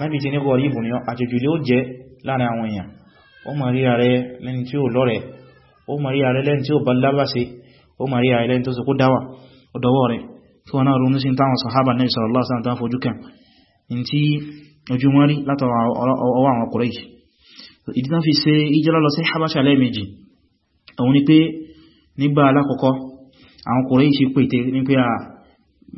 ní gọ̀rí ìbùn ni àjòjì ló jẹ́ láàrin àwọn èèyàn ó mọ̀ rí ààrẹ lẹ́ni tí ó lọ́rẹ̀ ó mọ̀ rí ààrẹ lẹ́ni tí ó bá lábáṣe ó ma rí àìlẹ́ tó sì kó dáwà ọ̀dọ̀wọ́ rẹ̀ kí wọ́n náà ronú sí táwọn sàhábà náà sallallahu alaihi wasallam tán fojú kàn in tí ojú wọn rí látọwọ́ àwọn Quraysh ìdí tán fi ṣe ìjẹ́lá lọ sí Habasha lẹ́ẹ̀mejì òun ni pé nígbà alákọ̀ọ́kọ́ àwọn Quraysh pète ní pé a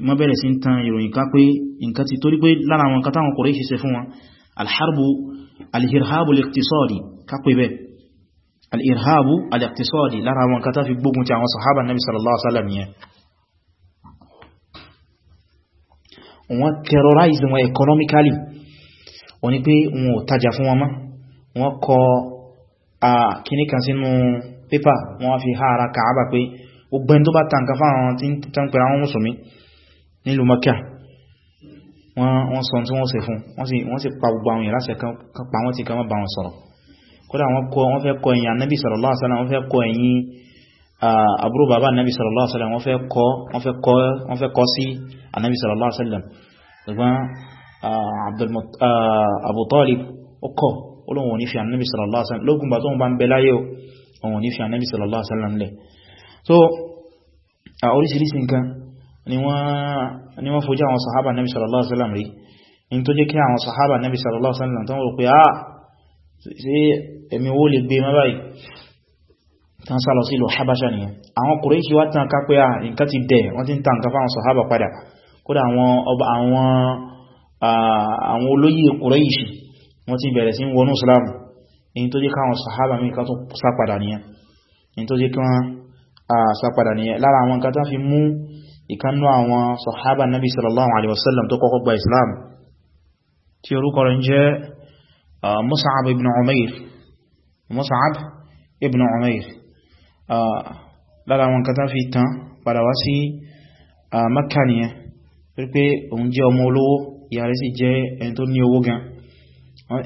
wọ́n bẹ̀rẹ̀ sí tan ìròyìn ká pé nǹkan ti torí pé lára àwọn al'irhabu al'iktisọ́dì lára wọn ká ta fi gbógun ti àwọn sahaba nabi sallallahu alaihi wasallam yẹn wọ́n terrorize wọn economically wọ́n ní pé wọn ò tajà fún wọn mọ́ wọ́n kọ a kíní kan sínú pépà wọ́n fi ha ara kàábà pé ogbẹ́n tó bá tànkà fáwọn tí ń pẹ̀lú àwọn mùsùlùmí nílùú Mákà wọ́n sọ tí wọ́n ṣe fún wọ́n sì pa gbogbo àwọn ìrásẹ̀ kan pa wọ́n ti kan mọ́ bá wọn sọ̀rọ̀ kódà wọ́n fẹ́ kọ ẹ̀yìn annabi sallallahu alaihi wasallam wọ́n fẹ́ kọ ẹ̀yìn àbúrò bàbá annabi sallallahu alaihi wasallam wọ́n fẹ́ kọ sí annabi sallallahu alaihi wasallam ṣùgbọ́n Abu Talib ọkọ̀ olóhun ní fi annabi sallallahu alaihi wasallam lógun bá tó ń bá ń bẹ láyé ohun ní fi annabi sallallahu alaihi wasallam lẹ̀ so a oríṣiríṣi nǹkan ni wọ́n fojú àwọn sahaba annabi sallallahu alaihi wasallam rí in tó jẹ́ kí àwọn sahaba annabi sallallahu alaihi wasallam tán rò pé ah ṣe ẹ̀mí owó lè gbé mẹ́bàá yìí tán sálọ sí ìlú habasha nìyàn àwọn Quraishi wá tán ká pé à ah, nǹkan ti dẹ̀ wọ́n ti ń tàn káfà sọ̀hábà padà kódà àwọn olóyè Quraishi wọ́n ti bẹ̀rẹ̀ sí wọnú Islam in tó jẹ́ káwọn sọ̀hábà mi kan tó sápadà nìyàn in tó jẹ́ kí wọ́n sápadà nìyàn lára àwọn nǹkan tán fi Islam tí orúkọ rẹ̀ ń jẹ́ مصعب ابن عمير مصعب ابن عمير lára wọn kata fi tán padà wá sí Mẹ́kà nìyẹn wípé òun jẹ́ ọmọ olówó ìyá rẹ̀ sì jẹ́ ẹni tó ní owó gan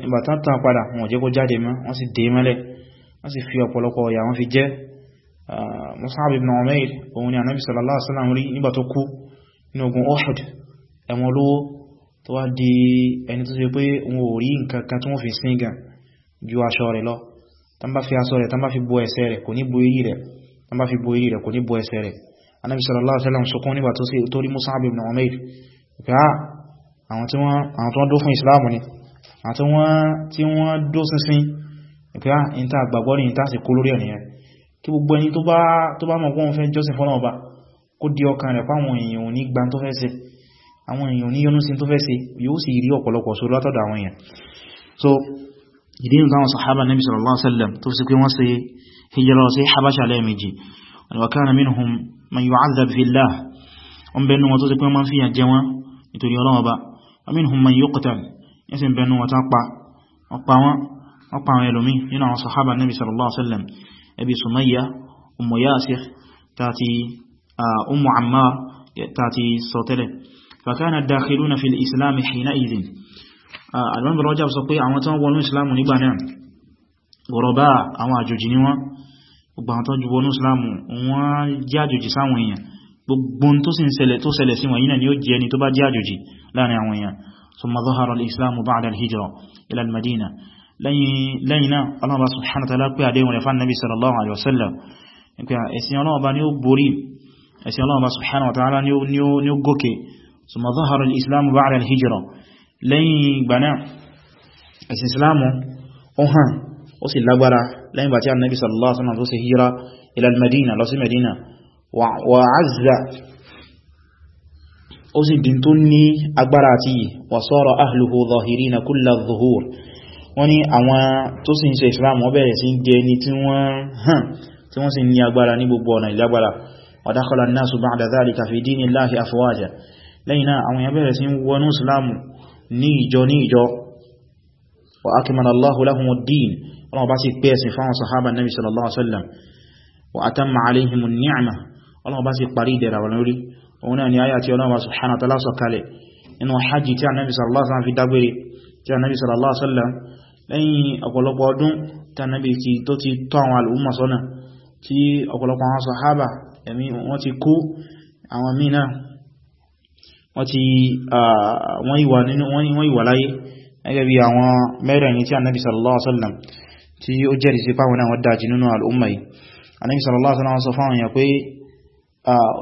ìbàtán tán padà wọn jẹ́ kó jáde mọ́ wọ́n sì dé mẹ́lẹ̀ wọ́n sì fi ọ̀pọ̀lọpọ̀ ọ̀yà wọ́n fi jẹ́ Mus'ab ibn Umair òun ni Ànábì sallallahu alaihi wasallam rí nígbà tó kú nínú ogun Uhud ẹmọ olówó tó wá di ẹni tó ṣe pé wọn ò rí nǹkan kan tó wọ́n fi sín gan ju aṣọ rẹ̀ lọ tán bá fi aṣọ rẹ̀ tán bá fi bo ẹsẹ̀ rẹ̀ kò ní bo eré rẹ̀ tán bá fi bo eré rẹ̀ kò ní bo ẹsẹ̀ rẹ̀ anábi sallallahu alaihi wasallam sọkún nígbà tó rí Mus'ab ibn Umair pé á ah, àwọn tí wọ́n dó fún Islam ni àti wọ́n tí wọ́n dó sínsín pé á ah, in ta gbàgbọ́ ní ìta sì kó lórí ẹ̀nìyàn kí gbogbo ẹni tó bá mọ̀ pọ́n fẹ́ jọ́sìn fọ́nà ní àwọn èèyàn ní yọnú sí tó fẹ́ ṣe yóò sì rí ọ̀pọ̀lọpọ̀ sórí látọ̀dọ̀ àwọn èèyàn so ìdí nù táwọn sàhábà nabi sallallahu alaihi wasallam tó sì pé wọ́n ṣe hijira sí habasha lẹ́ẹ̀mejì wa kana minhum man yu'adhab fillah wọn bẹnu wọn tó sì pé wọ́n fi yàn jẹ wọn nítorí Ọlọ́run ba wa minhum man yuqtal yẹsẹ̀ bẹnu wọn tán pa ọpa wọn ọpa àwọn ẹlòmí nínú àwọn sàhábà nabi sallallahu alaihi فكان الداخلون في الإسلام حينئذ الإمام ابن رجب sọ pé àwọn tán wọnú ìsìláàmù nígbà náà gọ̀rọ̀bá àwọn àjòjì ni wọ́n gbogbo àwọn tán jù wọnú ìsìláàmù wọ́n jẹ́ àjòjì sáwọn èèyàn ثم ظهر الإسلام بعد الهجرة إلى المدينة lẹ́yìn náà Allah subhanahu wa ta'ala pé àdéhùn rẹ̀ fún Nabi sallallahu alaihi wasallam ẹ̀sìn Allah bá ní ó borí ẹ̀sìn Allah ثم ظهر الإسلام بعد الهجرة لين بناء الإسلام أهان وصل لبرا لين باتي النبي صلى الله عليه وسلم وصل هجرة إلى المدينة لصل مدينة وعز وصل دنتني أكبراتي وصار أهله ظاهرين كل الظهور wọ́n ni àwọn tó sì ń ṣe islam wọ́n bẹ̀rẹ̀ sí jẹ́ ní tí wọ́n hàn tí wọ́n sì ní agbára ní gbogbo ọ̀nà ìlágbára wa dakhala an-nasu ba'da dhalika fi dinillahi afwaja lẹ́yìn náà àwọn èèyàn bẹ̀rẹ̀ sí wọnú islamu ní ìjọ ní ìjọ wa akmala Allahu lahumu ad-din ọlọ́wọ́ bá sì pé ẹ̀sìn fáwọn sahaba nabi sallallahu alaihi wasallam wa atamma alaihimu ni'ma wọ́n ti wọ́n ìwà nínú wọ́n ìwà láyé gẹ́gẹ́ bí àwọn mẹ́rẹ̀ẹ̀rin tí annabi sallallahu alaihi wasallam tí ó jẹ́rìí sí pàwọn àwọn dájì nínú al'umma yìí annabi sallallahu alaihi wasallam sọ fáwọn èèyàn pé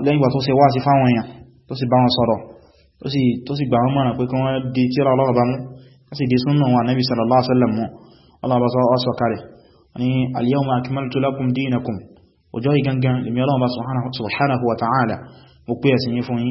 lẹ́yìn ìgbà tó ṣe wá sí fáwọn èèyàn tó sì bá wọn sọ̀rọ̀ tó sì gbà wọn mọ̀ràn pé kí wọ́n di tírà ọlọ́rọ̀ bá mú wọ́n sì di súnnà wọn annabi sallallahu alaihi wasallam mọ́ ọlọ́rọ̀ sọ ọsọ kalẹ̀ igangan lèmi ọlọ́run subhanahu wa ta'ala mo pé ẹ̀sìn yín fún yín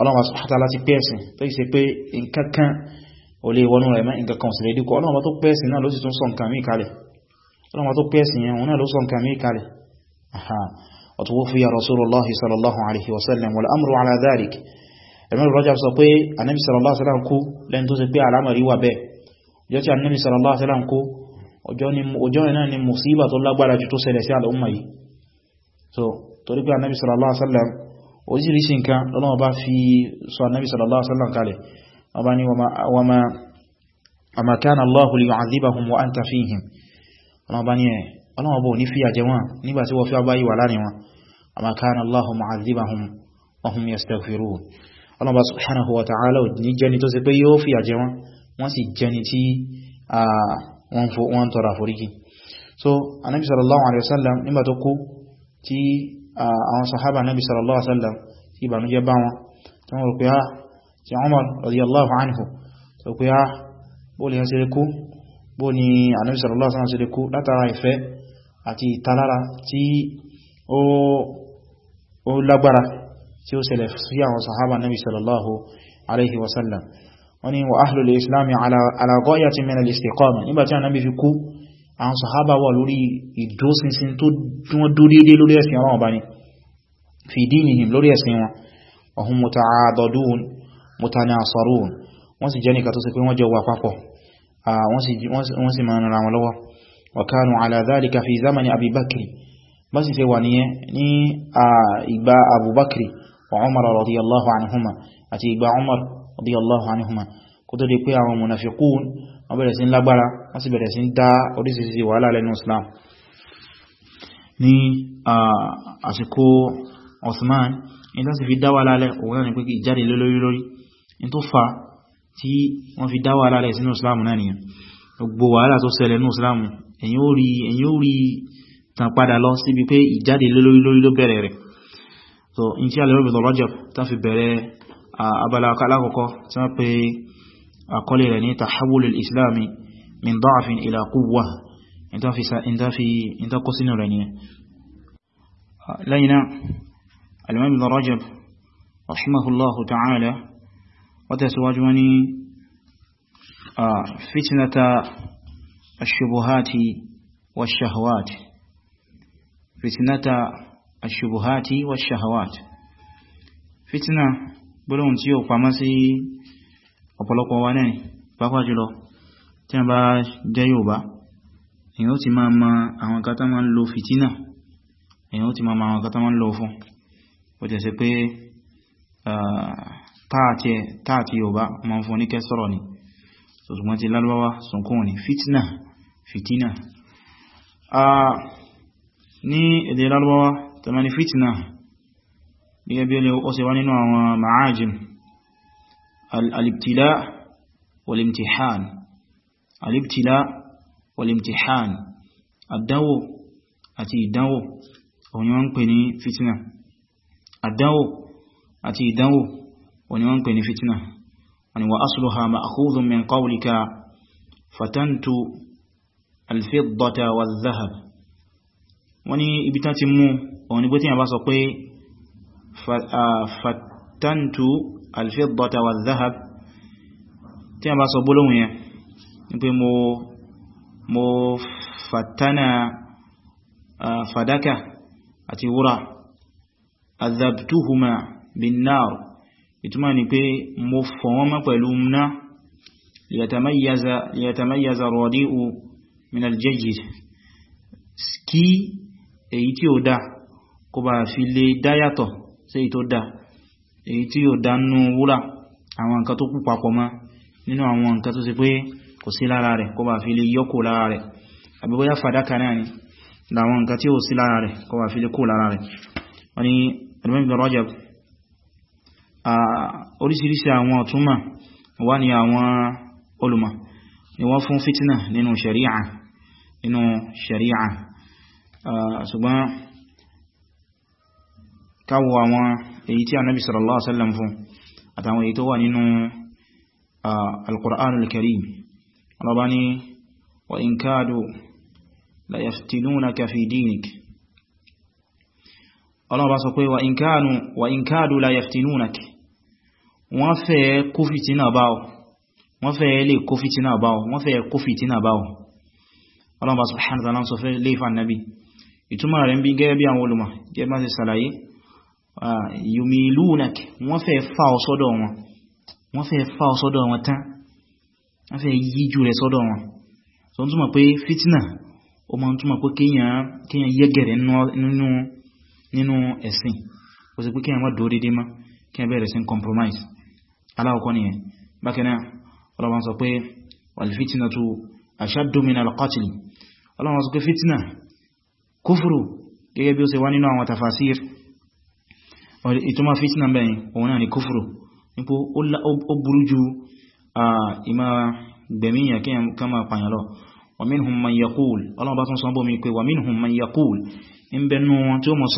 ọlọ́run asùpátà láti pẹ́ẹ̀sìn tó yí ṣe pé nkankan o lè wọnú rẹ̀ mẹ́ nkankan òsìlẹ̀ díkọ ọlọ́run tó pẹ́ẹ̀sìn náà ló sì tún sọ nǹkan mí kalẹ̀ ọlọ́run tó pẹ́ẹ̀sìn yẹn òun náà ló sọ nǹkan mí kalẹ̀ ọ̀tọ̀wọ́fíyà rasulullahi sallallahu alaihi wasallam wal amru ala dhalik ẹ̀mẹ́rù rọ́jà sọ pé anábi sallallahu alaihi wasallam kú lẹ́yìn tó sì pé alamari wà bẹ́ẹ̀ ọjọ́ tí anábi sallallahu alaihi wasallam kú ọjọ́ so torí pé anábi sallallahu alaihi wasallam oríṣiríṣi nǹkan lọ́nà bá fi sọ annabi sallallahu alaihi wasallam kalẹ̀ ọba ni wa ma kana Allahu liyu'adhibahum wa anta fihim ọlọ́ọ̀bá ní ẹ̀ ọlọ́ọ̀bá ò ní fìyà jẹ wọn nígbàtí wọ́n fi ọba yíwà láàrin wọn wa ma kana Allahu mu'adhibahum wa hum yastaghfirun ọlọ́ọ̀bá subhanahu wa ta'ala ò ní jẹni tó sì pé yóò fìyà jẹ wọn wọ́n sì jẹni tí wọ́n tọrọ àforíkì so anábi sallallahu alaihi wasallam nígbà àwọn sahaba nabi sallallahu alaihi wasallam tí ìbànújẹ́ bá wọn tí wọ́n rò pé á ah, tí Umar radiyallahu anhu tó pé á ah, bó lè ṣe kú bó ni ànábì sallallahu alaihi wasallam ṣe kú látara ìfẹ́ àti ìtalára tí ó lágbára tí ó ṣẹlẹ̀ sí àwọn sahaba nabi sallallahu alaihi wasallam wọ́n ni wa ahlul àwọn sàhábà wà lórí ìdóṣinṣin tó wọ́n dó dédé lórí ẹ̀sìn ọ̀rọ̀ ọba ni fi dinihim lórí ẹ̀sìn wọn ọ̀hun muta'adadun mutanasarun wọ́n sì jẹ́ nìkan tó sì pé wọ́n jọ wà papọ̀ wọ́n sì máa ra wọn lọ́wọ́ wa kanu ala dhalika fi zamani abi bakri bá sì ṣe wà wọ́n bẹ̀rẹ̀ sí ń lágbára wọ́n sì bẹ̀rẹ̀ sí ń dá oríṣiríṣi wàhálà lẹ́nu Islam ní àsìkò Osman ní tó sì fi dá wàhálà lẹ́ òun ní pé kí ìjáde lórí lórí ní tó fa tí wọ́n fi dá wàhálà lẹ́ sínú Islam náà nìyàn gbogbo so in tí a lè rọ̀bẹ̀ lọ́jọ́ tán fi bẹ̀rẹ̀ pe قليلا يعني تحول الإسلام من ضعف إلى قوة انت في سا... انت في انت قصين رانيا لينا الإمام ابن رجب رحمه الله تعالى وتسواجمني آه، فتنة الشبهات والشهوات فتنة الشبهات والشهوات فتنة بلون تيو قمسي ọ̀pọ̀lọpọ̀ wa náà pápá jùlọ tí a bá jẹ́ Yorùbá èyàn ó ti máa ma àwọn kátá máa ń lo fìtínà èyàn ó ti máa ma àwọn kátá máa ń lo fún ó jẹ́ sí pé táàtì Yorùbá ma ń fún ní kẹsọ́rọ̀ ni ṣùgbọ́n ti lálọ́wọ́ sunkún ni fìtínà fìtínà ní ni fìtínà gẹ́gẹ́ bí ma'ajim الابتلاء والامتحان الابتلاء والامتحان àdánwò àti ìdánwò òní wọ́n ń pè ní fitna àdánwò àti ìdánwò òní wọ́n ń pè ní fitna wani wa asluha ma'khudhun min qawlika fatantu alfiddata wadh-dhahab wani ibi tán ti mú òní bó tí yàn bá sọ pé fatantu alfiddata wa zahab tí a bá sọ gbólóhùn yẹn ní pé mo mo fàtánà fàdákà àti wúrà azabtuhuma bin nar ìtumọ̀ ni pé mo fọ̀ wọ́n mọ́ pẹ̀lú mná liyatamayyaza radi'u min aljayyid kí èyí tí ó dá kó bá fi lè dáyàtọ̀ sí èyí tó èyí tí ó dánú wúrà àwọn nǹkan tó kú papọ̀ mọ́ nínú àwọn nǹkan tó ṣe pé kò sí lára rẹ̀ kó fi lè yọ́kò lára rẹ̀ àbí fàdákà náà ni láwọn nǹkan tí ó sí lára rẹ̀ kó bá fi lè kó lára rẹ̀ wọ́n ni Ibn Rajab oríṣiríṣi àwọn ni wọ́n fún fitna nínú shari'a nínú shari'a ṣùgbọ́n àwọn èyí tí anábi sallallahu alaihi wasallam fún àtàwọn èyí tó wà nínú alkùránul karim ọlọ́bá ní wa in kadu la yaftinunaka fi dinik ọlọ́bá sọ pé wa in kadu la yaftinunaka wọ́n fẹ́ kó fìtínà báwọ̀ wọ́n fẹ́ lè kó fìtínà báwọ̀ wọ́n fẹ́ kó fìtínà báwọ̀ ọlọ́bá subhanahu wa ta'ala ìtumọ̀ rẹ̀ bí gẹ́gẹ́ bí àwọn olùmọ̀ gẹ́gẹ́ bá ti sàlàyé Ah, yumilunak wọ́n fẹ́ fà ọ sọ́dọ̀ wọn wọ́n fẹ́ fà ọ sọ́dọ̀ wọn tán wọ́n fẹ́ yíjú rẹ̀ sọ́dọ̀ wọn so n túnmọ̀ pé fitna o ma n túnmọ̀ pé kíyàn yẹ́gẹ̀rẹ̀ nínú ẹ̀sìn o sì pé kíyàn má dóó dédé má kíyàn bẹ̀rẹ̀ sí compromise aláwọ̀kọ́ ni ẹ̀ bákanáà ọlọ́wọ́n sọ pé walfitinatu ashaddu min alqatl ọlọ́wọ́n sọ pé fitna kúfùrù gẹ́gẹ́ bí ó ṣe wá nínú àwọn tafasir ìtumọ̀ fitna bẹ́yìn òun náà ni kúfùrù nípo ó burú ju ìmá gbẹ̀míyàn kí ká máa pàyàn lọ wa minhum man yaqul ọlọ́wọ́ bá tún sọ bómi pé wa minhum man yaqul in bẹnu wọn tí ó mọ̀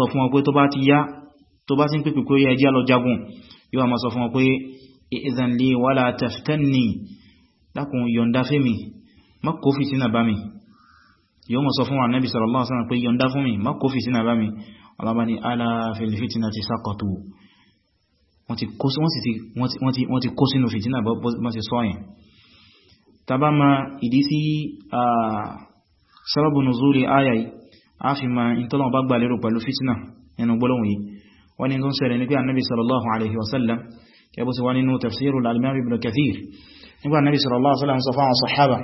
wala taftanni dákun yọ̀ǹda fẹ́ mi má kó fìtínà wa nabi sallallahu alaihi wasallam pé yọ̀ǹda fún mi má ọlọ́bá ni ala fil fitnati saqatu wọ́n ti kó sínú fìtínà bọ́ sí sọ́yìn tàbá ma ìdí sí sababu nuzuli ayayi a fi ma in tọ́lọ̀ bá gbà lérò pẹ̀lú fìtínà nínú gbọ́lọ̀wọ̀ yìí wọ́n ni tó ń ṣẹlẹ̀ nígbà annabi sallallahu alaihi wasallam kẹbù sí wọ́n nínú tafsirul al-imam ibn kathir nígbà annabi sallallahu alaihi wasallam sọ fáwọn sahaba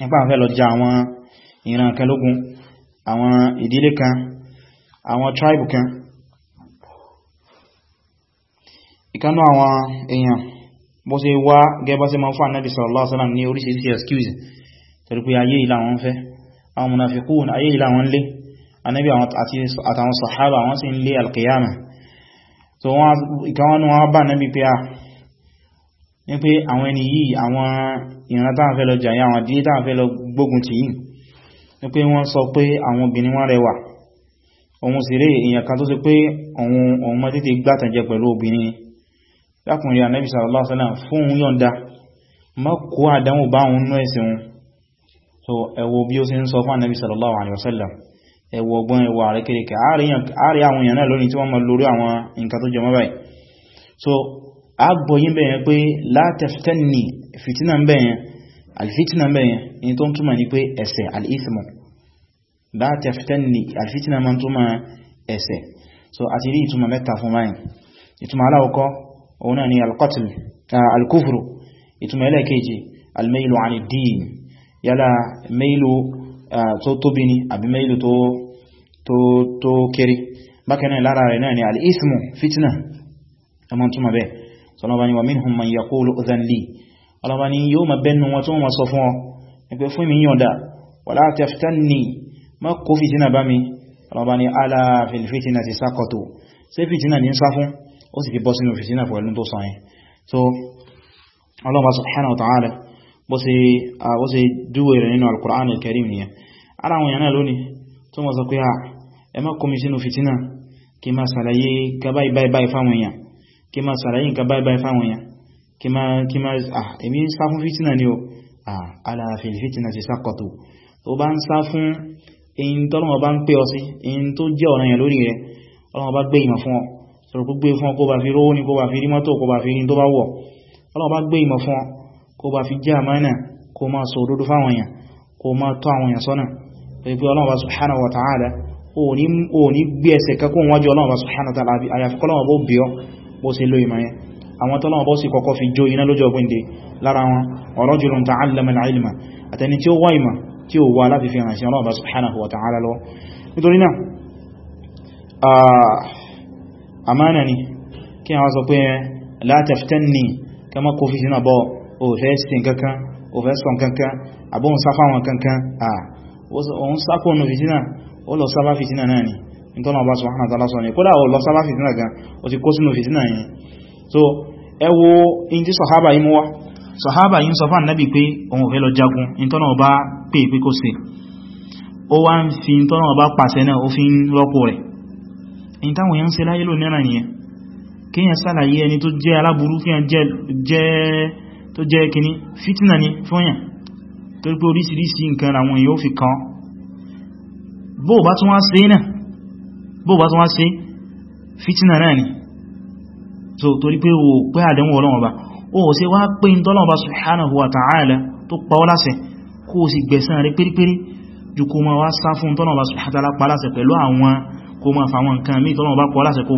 nígbà àwọn fẹ́ lọ ja àwọn ìran kan lógun àwọn ìdílé kan àwọn tribe kan ìkanú àwọn èèyàn bó ṣe wá gẹ́bá sí ma fún ànábì sallallahu alaihi wasallam ní oríṣiríṣi excuse torí pé ayé ìlà wọn fẹ́ àwọn munafiqun ayé ìlà wọn lé ànábì àtàwọn sàhábà wọn sì ń lé alkiyama so wọ́n ìkanú wọn bá ànábì pé a ní pé àwọn ẹni yìí àwọn ìran táwọn fẹ́ lọ jàyà àwọn díẹ̀ táwọn fẹ́ lọ gbógun tì yìí ní ohun sì rí èyàn kan tó sì pé ohun ohun ma títí gbátànjẹ pẹ̀lú obìnrin lákùnrin Ànábì sallallahu alaihi fún un yọ̀nda ma kó àdánwò bá òun nú ẹ̀sìn wọn so ẹwọ bí ó sì ń sọ fún Ànábì sallallahu alaihi wasallam ẹwọ ọgbọ́n ẹwọ àrékèrèkè àárí àwọn èèyàn náà lónìí tí wọ́n ma lórí àwọn nǹkan tó jẹmọ́ báyìí so agbóyín bẹ̀yẹn pé la taftanni fìtínà bẹ̀yẹn alfitínà bẹ̀yẹn ni tó ń túmọ̀ ní pé ẹ̀ṣẹ̀ al la taftanni alfitna man tó máa ẹ̀sẹ̀ so àti rí ìtumọ̀ mẹ́ta fún báyìí ìtumọ̀ aláwọ̀kọ́ òun náà ni alqatl alkufru ìtumọ̀ ẹlẹ́kejì almailu ani din yálà mailu tó tóbi ni àbí mailu tó kéré bákanáà lára rẹ̀ náà ni al'ismu fitna ẹmọ túnmọ̀ bẹ́ sọlọ́bá ni wa minhum man yaqulu udhan li ọlọ́bá ni yóò ma bẹ́nu wọn tó wọ́n sọ fún ọ ma kó fìtínà bá mi ọlọ́ba ni ala fil fìtínà ti sákọ̀tò sí fìtínà ní sá fún ó sì fi bọ́ sínú fìtínà pẹ̀lú tó sọ so ọlọ́ba subhanahu wa ta'ala bó ṣe dúwé rẹ̀ nínú al-Qur'an al-Karim nìyẹn ara àwọn yànà lónìí tó mọ̀ sọ pé à ẹ má kó mi sínú fìtínà kí ma sàlàyé ka báyìí báyìí báyìí fáwọn èèyàn kí ni o ala fil fìtínà ti sákọ̀tò tó bá ń sá fún in tọ́lọ́wọ́ bá ń pè ọ sí in tó jẹ́ ọ̀ràn yẹn lórí rẹ̀ ọlọ́wọ́ bá gbé ìmọ̀ fún ọ sọ̀rọ̀ kó gbé fún ọ kó bá fi rówó ní kó bá fi rí mọ́tò kó bá fi rí tó bá wọ̀ ọlọ́wọ́ bá gbé ìmọ̀ fún ọ kó bá fi jẹ́ àmánà kó máa sọ òdodo fáwọn èèyàn kó máa tọ́ àwọn èèyàn sọ́nà pé ọlọ́wọ́ bá subhanahu wa ta'ala ò ní gbé ẹsẹ̀ kankan wájú ọlọ́wọ́ bá subhanahu tọ́lọ́wọ́ bó sì kọ́kọ́ fi jó iná lójú ọgbìn dé lára wọn rajulun ta'allama al-ilma àtẹni tí ó wá ìmọ̀ tí ó wá láti fi ránṣẹ́ ọlọ́ọ̀bá subhanahu wa ta'ala lọ nítorí náà àmánà ni kí a wá sọ pé la taftanni kama kó fi sínà bọ́ òfẹ́ sí kankan òfẹ́ sọ kankan àbóhun sáfáwọn kankan à òun sáfóònù fìtínà ó lọ sábá fìtínà náà ni nítorí ọba subhanahu ta'ala sọ ni kódà ó lọ sábá fìtínà gan ó ti kó sínú fìtínà yẹn so ẹ wo in ti sọ̀hábà yí mú wá sahaba yìí ń sọ fún annabi pé òun fẹ́ lọ jagun ìtọ́nà ọba pè pé kó ṣe ó wá ń fi ìtọ́nà ọba pàṣẹ náà ó fi ń rọ́pò rẹ̀ in táwọn yẹn ń ṣe láyé lò náà nìyẹn kíyàn sàlàyé ẹni tó jẹ́ aláburú kíyàn tó jẹ́ kíní fitna ni fún yàn tó so torí pé o pé o ò ṣe wá pé ń tọ́lọ̀ bá subhanahu wa ta'ala tó pa ọ́ láṣẹ kó o sì gbẹ̀san rẹ̀ pérépéré ju kó ma wá sá fún tọ́lọ̀ bá subhanahu wa ta'ala pa láṣẹ pẹ̀lú àwọn kó ma fa àwọn nǹkan mí tọ́lọ̀ bá pa láṣẹ kó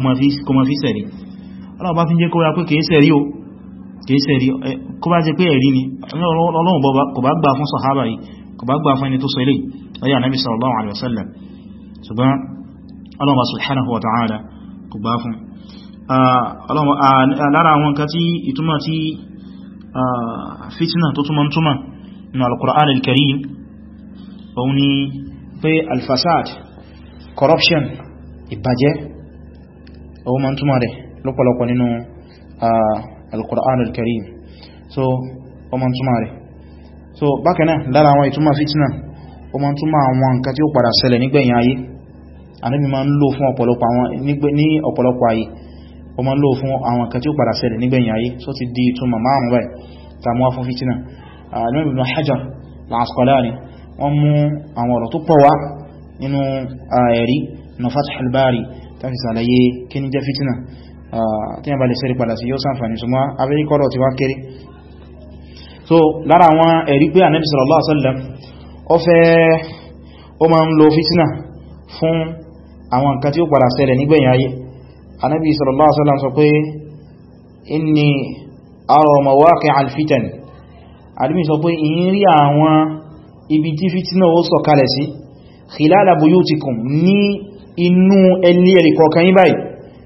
ma fi sẹ̀rí ọlọ́run bá fi jẹ́ kó ya pé kìí sẹ̀rí o lára àwọn nǹkan tí ìtumọ̀ tí fitna tó túnmọ̀ túnmọ̀ ní al-Qur'an al-Karim òun ni pé al-fasad corruption ìbàjẹ́ òun ma túnmọ̀ rẹ̀ lọ́pọ̀lọpọ̀ nínú al-Qur'an al-Karim so o ma túnmọ̀ rẹ̀ so bákanáà lára àwọn ìtumọ̀ fitna o ma túnmọ̀ àwọn nǹkan tí ó padà ṣẹlẹ̀ nígbẹ̀yìn ayé Ànábì ma ń lò fún ọ̀pọ̀lọpọ̀ ọ̀pọ̀lọpọ̀ ayé ó máa ń lò fún àwọn kan tí ó padà ṣẹlẹ̀ nígbẹ̀yìn ayé so ti di ìtumọ̀ márùn báyìí ta mú wá fún fitina ní Ibn Hajar al-Asqalani wọ́n mú àwọn ọ̀rọ̀ tó pọ̀ wá nínú ẹ̀rí na Fathul Bari tàbí sàlàyé kí ní jẹ́ fitina tí wọ́n bá lè sẹ́rí padà sí yóò sàǹfàní ṣùgbọ́n abẹ́ríkọ́rọ̀ ti wá kéré so lára àwọn ẹ̀rí pé Ànábì sallallahu alaihi wasallam ó fẹ́ ó máa ń lo fitina fún àwọn nǹkan tí ó padà ṣẹlẹ̀ nígbẹ̀yìn ayé anábi sallallahu alaihi wasallam sọ pé inni ara mawaqi alfitan alimi sọ pé ìyìn rí àwọn ibi tí fitina ó sọ kalẹ̀ sí khilala buyutikum ní inú ẹni ẹ̀rì kọ̀ọ̀kan yí báyìí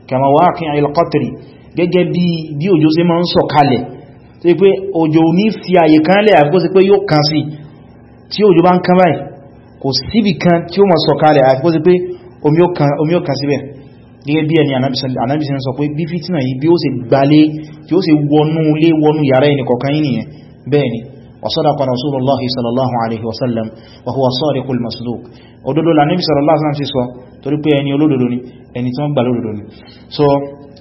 kama waqi alqatri gẹ́gẹ́ bí bí òjò ṣe máa ń sọ kalẹ̀ tí pé òjò fi àyè kan lẹ̀ àfikó sí pé yóò kan sí tí òjò bá kan báyìí kò síbì kan tí ó máa sọ kalẹ̀ àfikó sí pé omi ó kan síbẹ̀ gẹ́gẹ́ bí ẹni Ànábì sọ pé bí fìtínà yìí bí ó ṣe gbalé tí ó ṣe wọnú lé wọnú yàrá ẹni kọ̀kan yìí nìyẹn bẹ́ẹ̀ ni وصدق رسول الله صلى الله عليه وسلم وهو صادق المصدوق òdodo la Ànábì sallallahu alaihi wasallam sọ torí pé ẹni olódodo ni ẹni so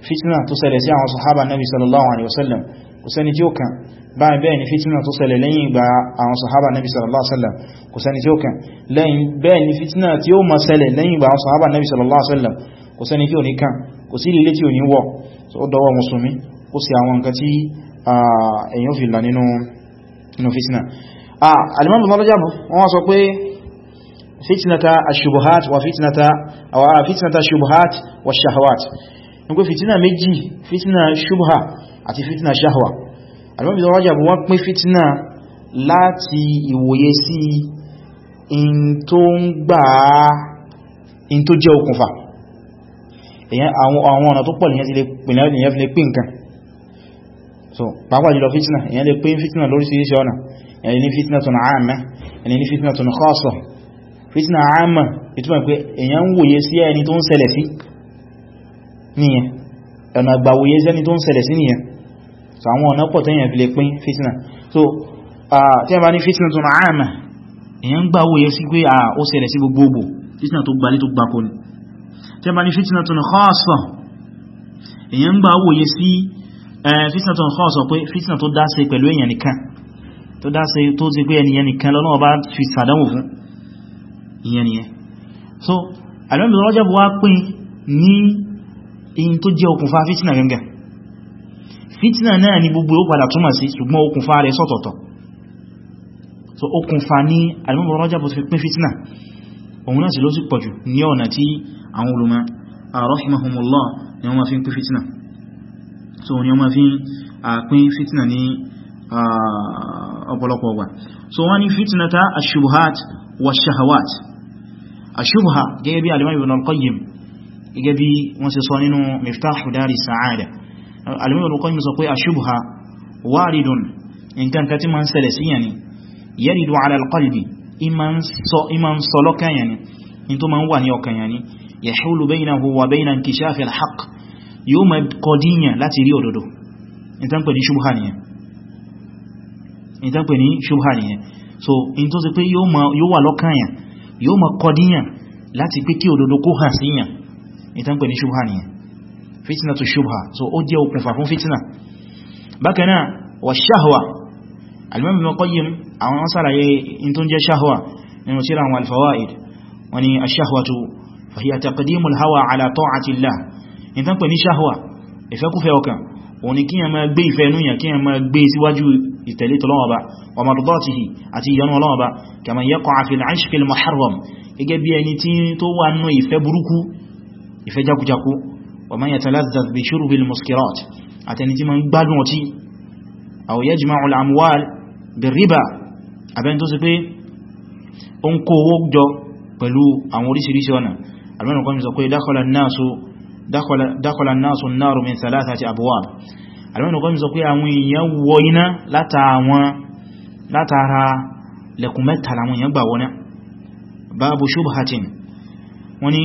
fitna tó ṣẹlẹ̀ sí àwọn sahaba Ànábì sallallahu alaihi wasallam kò sẹ́ni tí ó kàn báyìí bẹ́ẹ̀ ni fitna tó ṣẹlẹ̀ lẹ́yìn ìgbà àwọn sahaba Ànábì sallallahu alaihi wasallam kò sẹ́ni tí ó kàn lẹ́yìn bẹ́ẹ̀ ni fitna tí ó kò sẹ́ni tí ò ní kàn kò sí ilé tí ò ní wọ̀ so ó dọwọ́ musulmi kó sí àwọn nǹkan tí èyàn fi là nínú fitna alimọ́bù mọ́lọ́jábù wọ́n sọ pé fitnata ashubuhat wa fitnata awa wa shahwat nígbé fitna méjì fitna shubha àti fitna shahwa alimọ́bù mọ́lọ́jábù wọ́n pín fitna láti ìwòye sí in tó ń gbà in tó jẹ́ okùnfà àwọn ọ̀nà tó pọ̀ lèyàn ti lè pìnlẹ̀ lèyàn fi lè pín nǹkan so pàápàá jùlọ fitna èyàn lè pín fitna lóríṣiríṣi ọ̀nà èyàn ní fitna tún àmà èyàn ní fitna tún khassa fitna àmà ìtumọ̀ pé èyàn ń wòye sí ẹni tó ń ṣẹlẹ̀ sí nìyẹn ọ̀nà àgbà wòye sí ẹni tó ń ṣẹlẹ̀ sí nìyẹn so àwọn ọ̀nà pọ̀ tẹ́yàn fi lè pín fitna so tí a bá ní fitna tún àmà èyàn ń gbà wòye sí pé à ó ṣẹlẹ̀ sí gbogbogbò fitna tó gbalé tó gbakoni tẹ́ bá ní fitnatun khassa èyàn gbà wòye sí fitnatun khassa pé fitna tó dá ṣe pẹ̀lú èyàn nìkan tó dá ṣe tó ti pé èyàn nìkan lọ́nà so alẹ́mì Rajab wá pín ní in tó jẹ́ okùnfà fitna gangan fitna náà ni gbogbo ó padà túmọ̀ sí ṣùgbọ́n so okùnfà ní alẹ́mì Rajab fi pín fitna òun náà sì ló àwọn olùmọ̀ rahimahumullah ni wọ́n ma fi ń pín fitna so ni wọ́n ma fi pín fitna ní ọ̀pọ̀lọpọ̀ ọgbà so wọ́n ni fitna ta ashubuhat wa shahawat ashubha gẹ́gẹ́ bí alimam ibn al-qayyim gẹ́gẹ́ bí wọ́n ṣe sọ nínú miftahu dari sa'ada alimam ibn al-qayyim sọ pé ashubha waridun nǹkan kan tí ma ń ṣẹlẹ̀ يحول بينه وبين انكشاف الحق يوم قدينيا لا تري òdodo ìtàn pè ní shubha nìyẹn ìtàn pè ní shubha nìyẹn so in tó ṣe pé yóò máa yóò wà lọ́kàn yàn yóò máa qadiyan láti pé kí òdodo kó hàn sí yàn ní shubha nìyẹn so ó jẹ́ okùnfà fún fitna bákan náà wa shahwa al-imam ibn qayyim àwọn sàlàyé in tó ń jẹ́ shahwa فهي تقديم الهوى على طاعة الله in tan pè ní shahwa ìfẹ́ ku fẹ́ ọkàn oni kiyan ma gbé ìfẹ́ nu yan kiyan ma gbé síwájú ìtẹ̀lé t'Ọlọ́run Ọba wa mardatihi àti yanu Ọlọ́run Ọba kama yaqa fi al-'ishq al-muharram gẹ́gẹ́ bí ẹni tí tó wà nú ìfẹ́ burúkú kó owó jọ pẹ̀lú àwọn oríṣiríṣi ọ̀nà almanu kan sọ pé dákọ̀lá náàsù náàrù min thalatha ti abuwab almanu kan sọ pé àwọn èèyàn wọ iná látara lẹ́kùn mẹ́ta láwọn èèyàn gbà wọná babu shubhatin wani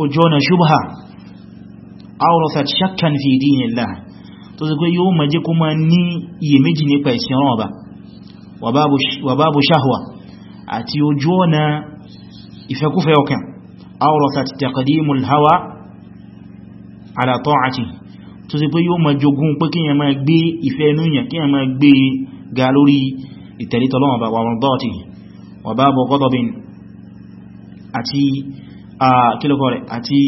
ojú ọ̀nà shubha awrasat shakkan fi dinillah tó sì pé yóò máa jẹ́ kó máa ní iyèméjì nípa ìsìn ọ̀rọ̀ ọba wà babu shahwa àti ojú ọ̀nà ìfẹ́kúfẹ́ awrasat taqdimul hawa ala ta'ati tó sì pé yóò máa jogún pé kíyàn máa gbé ìfẹ́ inú yàn kíyàn máa gbé ga lórí ìtẹ̀lítọ́lọ́wọ̀n wa mardati wa babu ghadabin àti kílùkọ́ rẹ̀ àti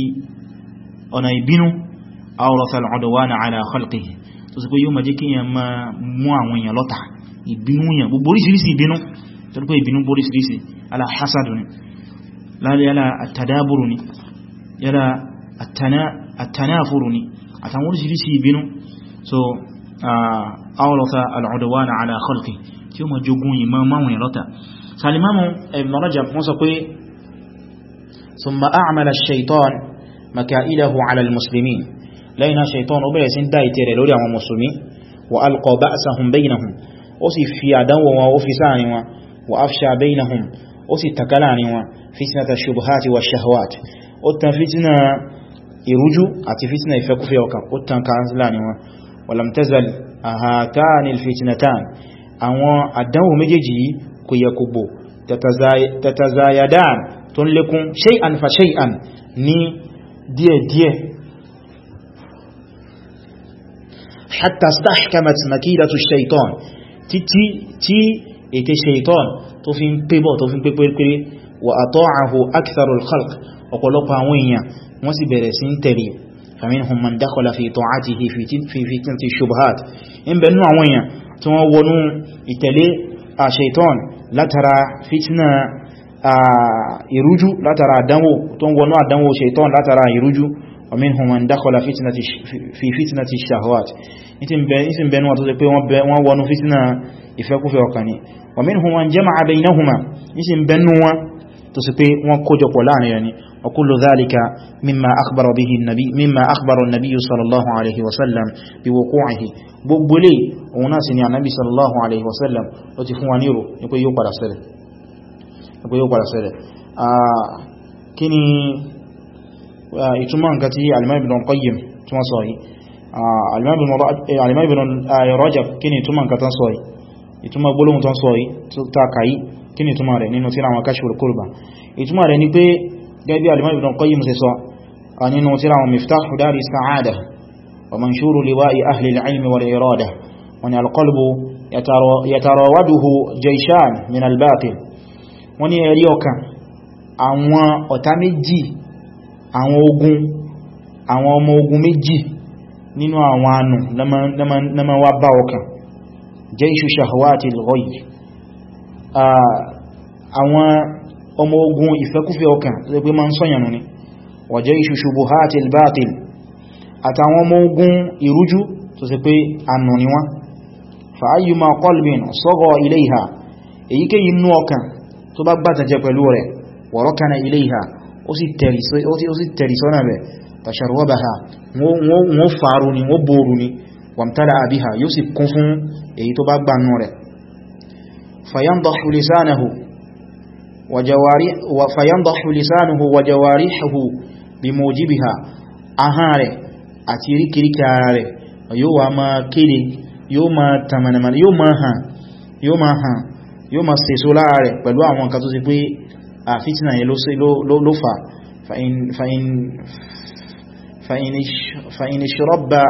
ọ̀nà ìbínú awrasa al-udwana ala khalqihi tó sì pé yóò máa jẹ́ kíyàn máa mú ala hasadun láàrin yálà àtàdábùrù ni yálà àtànáfùrù ni àtàwọn orísìírísì ìbínú so áwọ̀lọ́ta uh, al'uduwa na ala khalqi tí ó ma jogun yìí máa máwọn ìrọ́ta salimamu ibn rajab wọ́n sọ pé thumma a'mala shaitan makailahu ala al-muslimin lẹ́yìnà shaitan ó bẹ̀rẹ̀ sí dá ìtẹ̀rẹ̀ lórí àwọn musulmi wa alqa ba'sahum bainahum ó sì fi àdánwò wọn ó fi sáàrin wa afsha bainahum ó sì tàn kálá ní wọn fitnata shubuhati wa shahwat ó tàn fitna ìrújú àti fitna ìfẹ́kúfẹ́ ọkàn ó tàn kálá ní wọn walam tazal ahatan alfitnatan àwọn àdánwò méjèèjì kò yẹ kò gbò tatazayadan tó ń lékún shay'an fa shay'an ní díẹ̀díẹ̀ hatta stahkamat makidatu shaitan ètè ṣeìtọ́n tó fi ń pébọ̀ tó fi ń pé pérépéré wà ata'ahu aktharul khalq ọ̀pọ̀lọpọ̀ àwọn èèyàn wọ́n sì bẹ̀rẹ̀ sí ń tẹ̀lé faminhum man dakhala fi ta'atihi fi fitnati shubuhat in bẹ̀nu ومنهم من دخل فتنة في فتنة الشهوات نتم بين وتزكي وان فتنة يفكوا في وقاني ومنهم من جمع بينهما نتم بينوا تسكي وان كوجو قولان يعني وكل ذلك مما أخبر به النبي مما أخبر النبي صلى الله عليه وسلم بوقوعه ببلي وناس يعني النبي صلى الله عليه وسلم وتفوانيرو يقول يقول سره يقول يقول سره آه كني ìtumọ̀ nǹkan tí Al-Imam Ibn Qayyim tí wọ́n sọ yìí Al-Imam Ibn Rajab kí ni ìtumọ̀ nǹkan tán sọ yìí ìtumọ̀ gbólóhùn tán sọ yìí ta kàí kí ni ìtumọ̀ rẹ̀ nínú tírà wọn Kashful Kurba ìtumọ̀ rẹ̀ ni pé gẹ́gẹ́ bí Al-Imam Ibn Qayyim ṣe sọ nínú tírà wọn Miftahu Dari Sa'ada wa Manshuru Liwa'i Ahli al-Ilmi àwọn ọ̀tá méjì àwọn ogun àwọn ọmọ ogun méjì nínú àwọn anù lọ́mọ wá bá ọkàn jayshu shahawati al-ghayb àwọn ọmọ ogun ìfẹ́kúfẹ́ ọkàn tó pé ma ń sọ́yànú ni wa jayshu shubuhati al-batil àtàwọn ọmọ ogun ìrújú tó sì pé anù ni wọ́n fa ayyuma qalbin sagha ilayha èyíkéyìí inú ọkàn tó bá gbàtàjẹ pẹ̀lú rẹ̀ wa rakana ilayha ó sì tẹ̀rì sọ́nà rẹ̀ tàṣàrọ́bàá wọ́n faru ni wọ́n bóoru ni wàmtàlá àbíhà yóò sì kún fún èyí tó bá gbanú rẹ̀ fayánbàṣù lisanahu wàjawarihu bí mojibiha ahán rẹ̀ àti ríkìríkì ara rẹ̀ yóò wà máa kéde yóò máa tàmànàmà yóò máa hàn yóò máa sèso lára rẹ̀ pẹ̀lú àwọn Ah, fitna yẹn ló fà fa'in ṣirọ́bà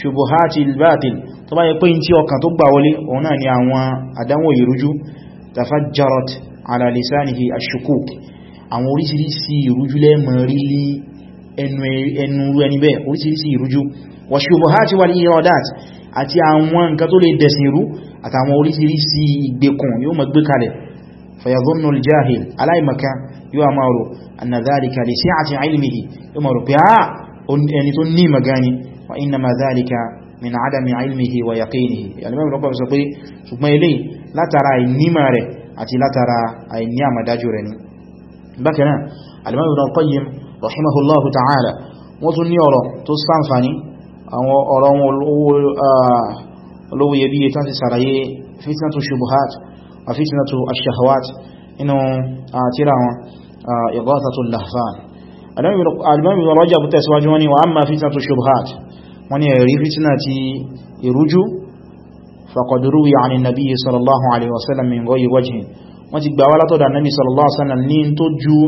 ṣubuhati albatil tó bá yẹ pé in tí ọkàn tó gbà wọlé òun náà ni àwọn àdánwò ìrújú tafajjarat ala lisanihi ashukuk àwọn orísìírísìí ìrújú lẹ́mọ̀ rí ẹnu ẹni bẹ́ẹ̀ orísìírísìí ìrújú wa ṣubuhati wal iradat àti àwọn nǹkan tó lè dẹ̀sìn rú àtàwọn orísìírísìí فيظن الجاهل على مكان يؤمر أن ذلك لسعة علمه يؤمر بها أن تني مغاني وإنما ذلك من عدم علمه ويقينه يعني ما ربما سقي ثم إليه لا ترى النمار أتي لا ترى النعم داجرني بكنا الإمام ابن القيم رحمه الله تعالى وظن يرى تستنفني أرى لو يبي تنسي سرعي فتنة الشبهات fitnatu ash-shahawat inú àtírà wọn ighathatu al-lahfan alimami rajab tẹ̀síwájú wọn ni wa amma fitnatu shubhat wọn ni ẹ̀rí fitna ti ìrújú faqad ruwiya 'ani nabiy sallallahu alaihi wasallam min ghayri wajhin wọ́n ti gbà wá látọ̀dọ̀ annabi sallallahu alaihi wasallam ní tó ju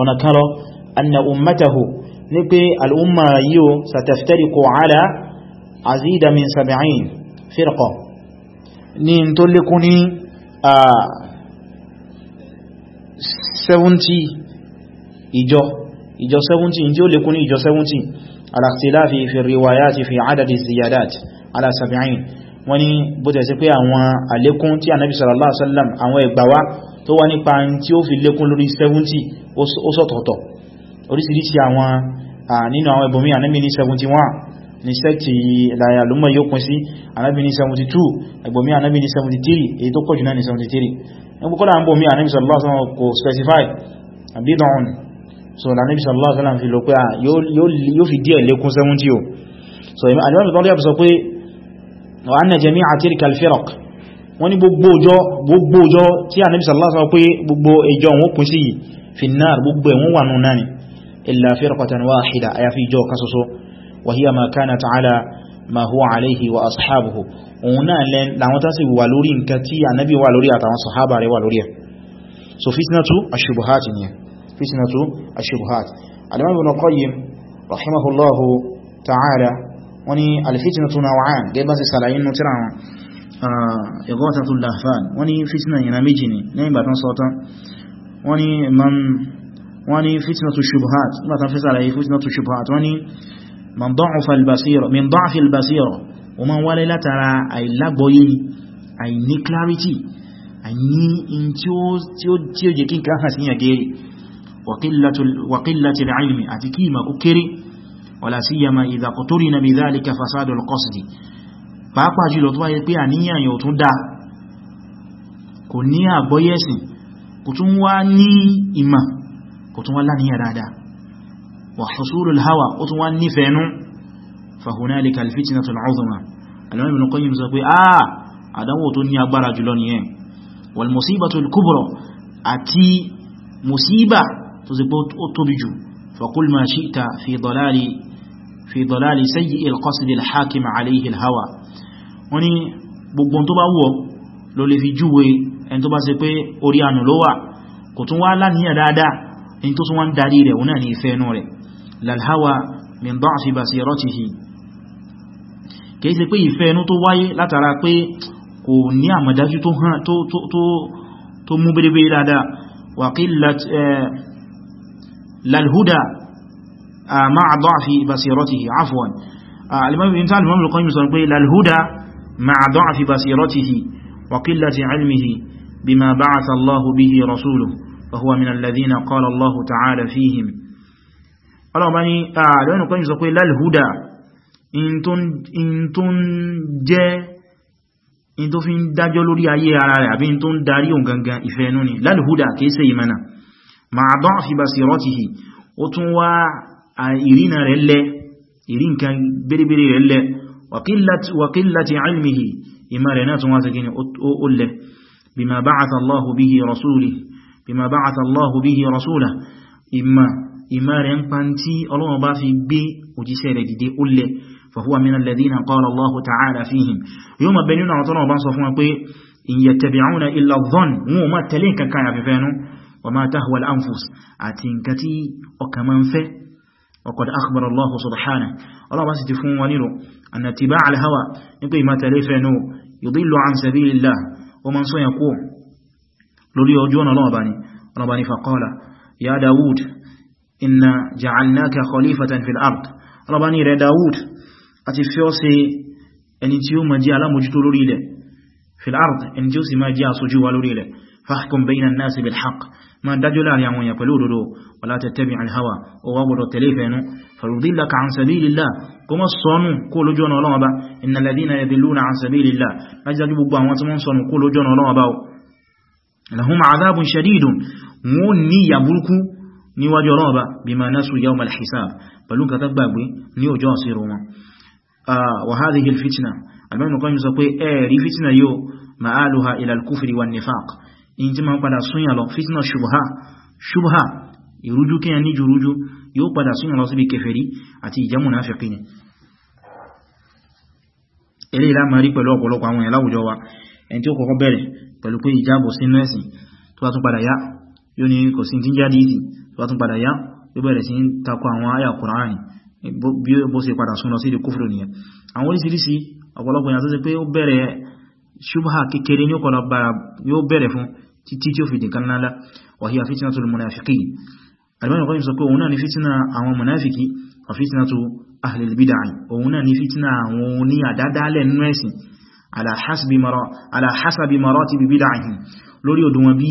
ọ̀nà firqa ní tó lékún ní 70 ìjọ ìjọ 70 tí ó lékún ní ìjọ 70 al-ikhtilafi fi riwayati fi adadi ziyadat ala 70 wọ́n ní bó tẹ̀ sí pé àwọn àlékún tí Ànábì sallallahu alaihi wasallam àwọn ẹgbàwá tó wá nípa tí ó fi lékún lórí 70 ó sọ̀tọ̀ọ̀tọ̀ orísìírísìí àwọn nínú àwọn ẹbùnmí Ànábì ní 71 ní sẹ́tì ìlàyà lúmọ̀ yóò kún sí anábi ní 72 ẹgbòmí anábi ní 73 èyí tó pọ̀jù náà ní 73 ẹgbùkọ́lá ń bò mí anábi sallallahu alaihi wasallam kò specify so lànàbi sallallahu alaihi wasallam fi lọ pé à yóò fi díẹ̀ lékún 70 so alimọ́bì tó rí àbúsọ pé wà ní jẹ́mí àti kalfirok wọ́n ní gbogbo ọjọ́ tí anábi sallallahu alaihi wasallam pé gbogbo ẹjọ́ wọn kún sí fi náà gbogbo ẹ̀wọ̀n wà nù náà وهي ما كانت على ما هو عليه وأصحابه òun náà lẹ́n láwọn tásí wà lórí nǹkan tí ànábì wà lórí àtàwọn sọ̀hábà rẹ̀ wà lórí ẹ̀ so fitnatu ashubuhat ni fitnatu ashubuhat al-imam ibn qayyim rahimahullahu ta'ala wani alfitnatu naw'an gẹ́gbà sí sàlàyé nù tíra wọn ah, ighatatu lahfan wani fitna yana méjì ni lẹ́yìn bàtán sọ́tán wani man wani fitnatu shubuhat nígbàtán fi sàlàyé fitnatu shubuhat wani من ضعف البصيرة من ضعف البصيرة ومن ولا لا ترى اي لاغوي اي ني clarity اي ني انتو تيو تيو جي كان حسين يغيري وقله وقله العلم اتكيما كوكري ولا سيما اذا قطرنا بذلك فساد القصد pàápàá jùlọ tó wáyé pé àníyàn yóò tún dáa kò ní àgbọ́yẹ̀sìn kò tún ني ní ìmà kò tún wá láníyàn dáadáa وحصول الهوى أطوان نفين فهنالك الفتنة العظمى الإمام ابن القيم زكوي آه أدوه تنيا برا جلوني والمصيبة الكبرى أتي مصيبة تزبط الطبج فقل ما شئت في ضلال في ضلال سيء القصد الحاكم عليه الهوى وني gbogbo tó bá wọ́ ló lè fi júwe ẹni tó bá ṣe pé orí ànù ló kò tún wá láníyàn dáadáa in tó tún wá ń darí rẹ̀ òun náà ní ìfẹ́ inú rẹ̀ lalhawa min da'fi basiratihi kìí ṣe pé ìfẹ́ ẹnu tó wáyé látara pé kò ní àmọ̀dájú tó hàn tó mú bèrèbèrè dáadáa wa qillat lalhuda ma'a da'fi basiratihi afwan alimọ́bìnrin al-Qayyim sọ pé lalhuda ma'a da'fi basiratihi wa qillati ilmihi bima ba'atha Allahu bihi rasuluhu wa huwa ọlọ́ọ̀bá ní ààrẹ́nù kan sọ pé lálìhúdà in tó ń jẹ́ in tó fi ń dájọ́ lórí ayé ara rẹ̀ àbí in tó ń darí ohun gangan ìfẹ́ ẹnu ni lálìhúdà kéèsẹ̀ ìmẹ́nà ma dán fi bá sí rọ́tìhì ó tún wá ìrìnà rẹ̀ lẹ ìrí nǹkan bèrèbèrè rẹ̀ lẹ wàkílàtí ilmihi ìmà rẹ̀ náà tún wá sakini bima ba'atha Allahu bihi rasulahu imma ìmọ̀ rẹ̀ ń pa tí ọlọ́run bá fi gbé òjíṣẹ́ rẹ̀ dìde ó lẹ fahuwa min alladhina qala Allahu ta'ala fihim yóò ma bẹ nínú àwọn tọ́nà ọba sọ fún wọn pé in yattabi'una illa dhann wọn ò máa tẹ̀lé nǹkan kan àfẹ́fẹ́ ẹnu wa ma tahwa al-anfus àti nǹkan tí ọkàn máa ń fẹ́ wa qad akhbara Allahu subhanahu ọlọ́run bá lórí ọjọ́ ọ̀nà ọlọ́run bá ní ya Dawud inna ja'alnaka khalifatan fil ard rabani rẹ̀ Dawud àti fi ọ́ ṣe ẹni tí ó ma jẹ́ alámòjútó lórí ilẹ̀ fil ard ẹni tí ó sì ma jẹ́ aṣojú wa lórí ilẹ̀ fahkum bayna nasi bil haqq ma dájọ́ láàrin àwọn èèyàn pẹ̀lú òdodo wala tattabi al hawa o wá gbọdọ̀ tẹ̀lé ìfẹ́nu farudillaka an sabilillah kó mọ́ sọnù kó lójú ọ̀nà Ọlọ́run Ọba innal ladhina yadilluna an sabilillah lájíjájú gbogbo àwọn tí wọ́n sọnù kó lójú ọ̀nà Ọlọ́run Ọba lahum adhabun shadidun wọ́n ní ìyà burúkú níwájú ọlọ́run ọba bima nasu yawm al-hisab pẹ̀lú nǹkan tó gbàgbé ní ọjọ́ ìṣirò wọn wa hadhihi al-fitna al-imam qayyim sọ pé ẹ̀rí fitna yóò ma'aluha ila al-kufri wa nifaq in ti ma ń padà súnyà lọ fitna shubha shubha ìrújú kí ní jùrújú yóò padà súnyà lọ síbi kèfèrí àti ìjẹ́ munafiqin eré ìlàmàrí yóò ní kò sí ti jáde tó tún padà yá yóò bẹ̀rẹ̀ sí takọ àwọn àyà kùránì bí ó ṣe padà sún lọ sí ìdí kúfùrù nìyẹn àwọn oríṣiríṣi ọ̀pọ̀lọpọ̀ èèyàn tó ṣe pé ó bẹ̀rẹ̀ ṣubha kékeré ní ọkọ̀lọ yóò bẹ̀rẹ̀ fún títí tí ó fi dìkan lálá wàhíyà fitina tó lè munafiki ni fitina àwọn munafiki wà fitina tó ahlil bid'ah òun náà ni fitina àwọn oní àdádálẹ̀ nínú lórí òdùnwọ̀n bí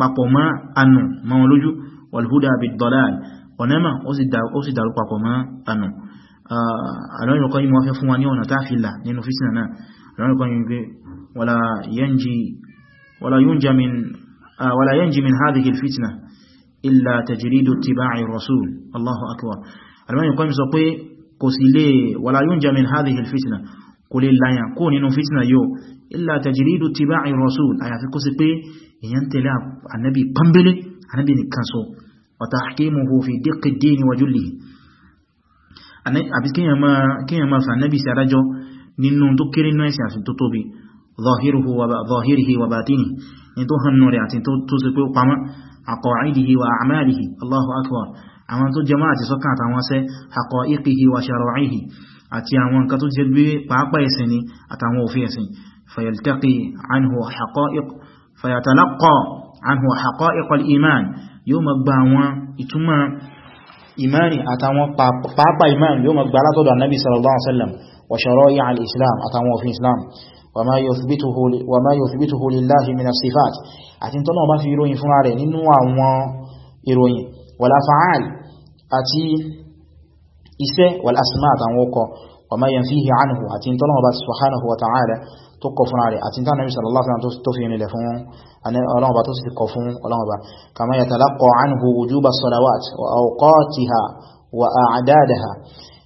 papọ̀ mọ́ ànù mọ́ wọn lójú walhuda bid-dalal ọ̀nẹ́mà ó sì dàrú papọ̀ mọ́ ànù àlọ́yìnkọ́ yí mọ́ fẹ́ fún wa ní ọ̀nà táfìlà nínú físìnà náà àlọ́yìnkọ́ yí pé ah, wala yanji min hadhihi al-fitna illa tajridu ittiba'i rasul Allahu akbar àlọ́yìnkọ́ yí sọ pé kò sí lè wala yunja min hadhihi al kò lè láyàn kó nínú físìnà yóò illa tajlidu tiba'i rasul àyàfi kó sí pé èyàn tẹ̀lé ànábì pọ́nbélé ànábì nìkan so wa tahkimuhu fi diqqi ad-din wa jullihi àbí kíyàn máa fànábì sí adájọ́ nínú tó kéré náà sí àfi tó tóbi zahirihi wa batinihi ni tó hannú rẹ̀ àti tó sì pé ó pamọ́ àwọn tó jẹmọ́ àti sọ́kàn àtàwọn sẹ́ haqa'iqihi wa shara'ihi àti àwọn nǹkan tó jẹ́ bí pàápàá ẹ̀sìn ni àtàwọn òfin ẹ̀sìn فيلتقي عنه حقائق فيتلقى عنه حقائق الإيمان يوم أقبعوا إتما إيماني أتوا بابا إيمان يوم أقبعوا النبي صلى الله عليه وسلم وشرائع الإسلام أتموا في الإسلام وما يثبته وما يثبته لله من الصفات أتين تنو ما في يروين فناري ننو أعوان يروين ولا فعال أتي إسه والأسماء تنوكو وما ينفيه عنه أتين تنو سبحانه وتعالى tó kọ fún ààrẹ àti tánàbí sallallahu alaihi wasallam tó fi nílẹ̀ fún ọlọ́ọ̀bá tó sì ti kọ fún ọlọ́ọ̀bá kama yatalaqqa anhu wujuba salawat wa awqatiha wa a'dadaha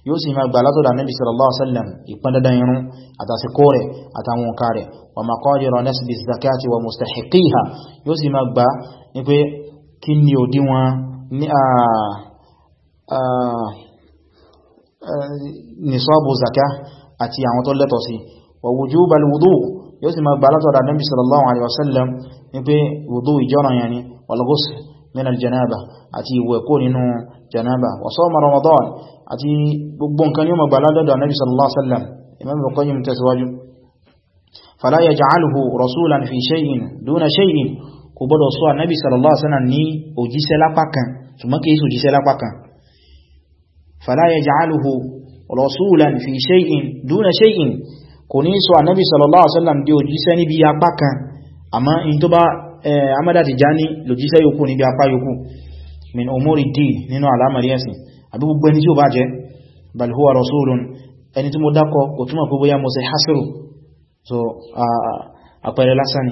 yóò sì máa gbàlá tó dà Nabi sallallahu alaihi wasallam ìpín dandan irun ni òdiwọ̀n zaka àti àwọn tó lẹ́tọ̀ sí ووجوب الوضوء يوسم بالاتو على النبي صلى الله عليه وسلم نبي وضوء جرى يعني والغسل من الجنابه اتي ويكون انه جنابه وصوم رمضان اتي بون كان يوم بالاتو على النبي صلى الله عليه وسلم امام القيم تسواج فلا يجعله رسولا في شيء دون شيء كبدو سو النبي صلى الله عليه وسلم ني اوجيسه لاپاkan ثم كيس اوجيسه لاپاkan فلا يجعله رسولا في شيء دون شيء kò ní sọ ànábì sallallahu alaihi wasallam di òjíṣẹ́ níbi apá kan àmá in tó bá eh, amada Tijani lòjíṣẹ́ yòókù níbi apá yòókù min umuri din nínú alamari ẹ̀sìn àbí gbogbo tí ó bá jẹ́ bal huwa rasulun ẹni tí mo dákọ kò túnmọ̀ so àpẹẹrẹ lásán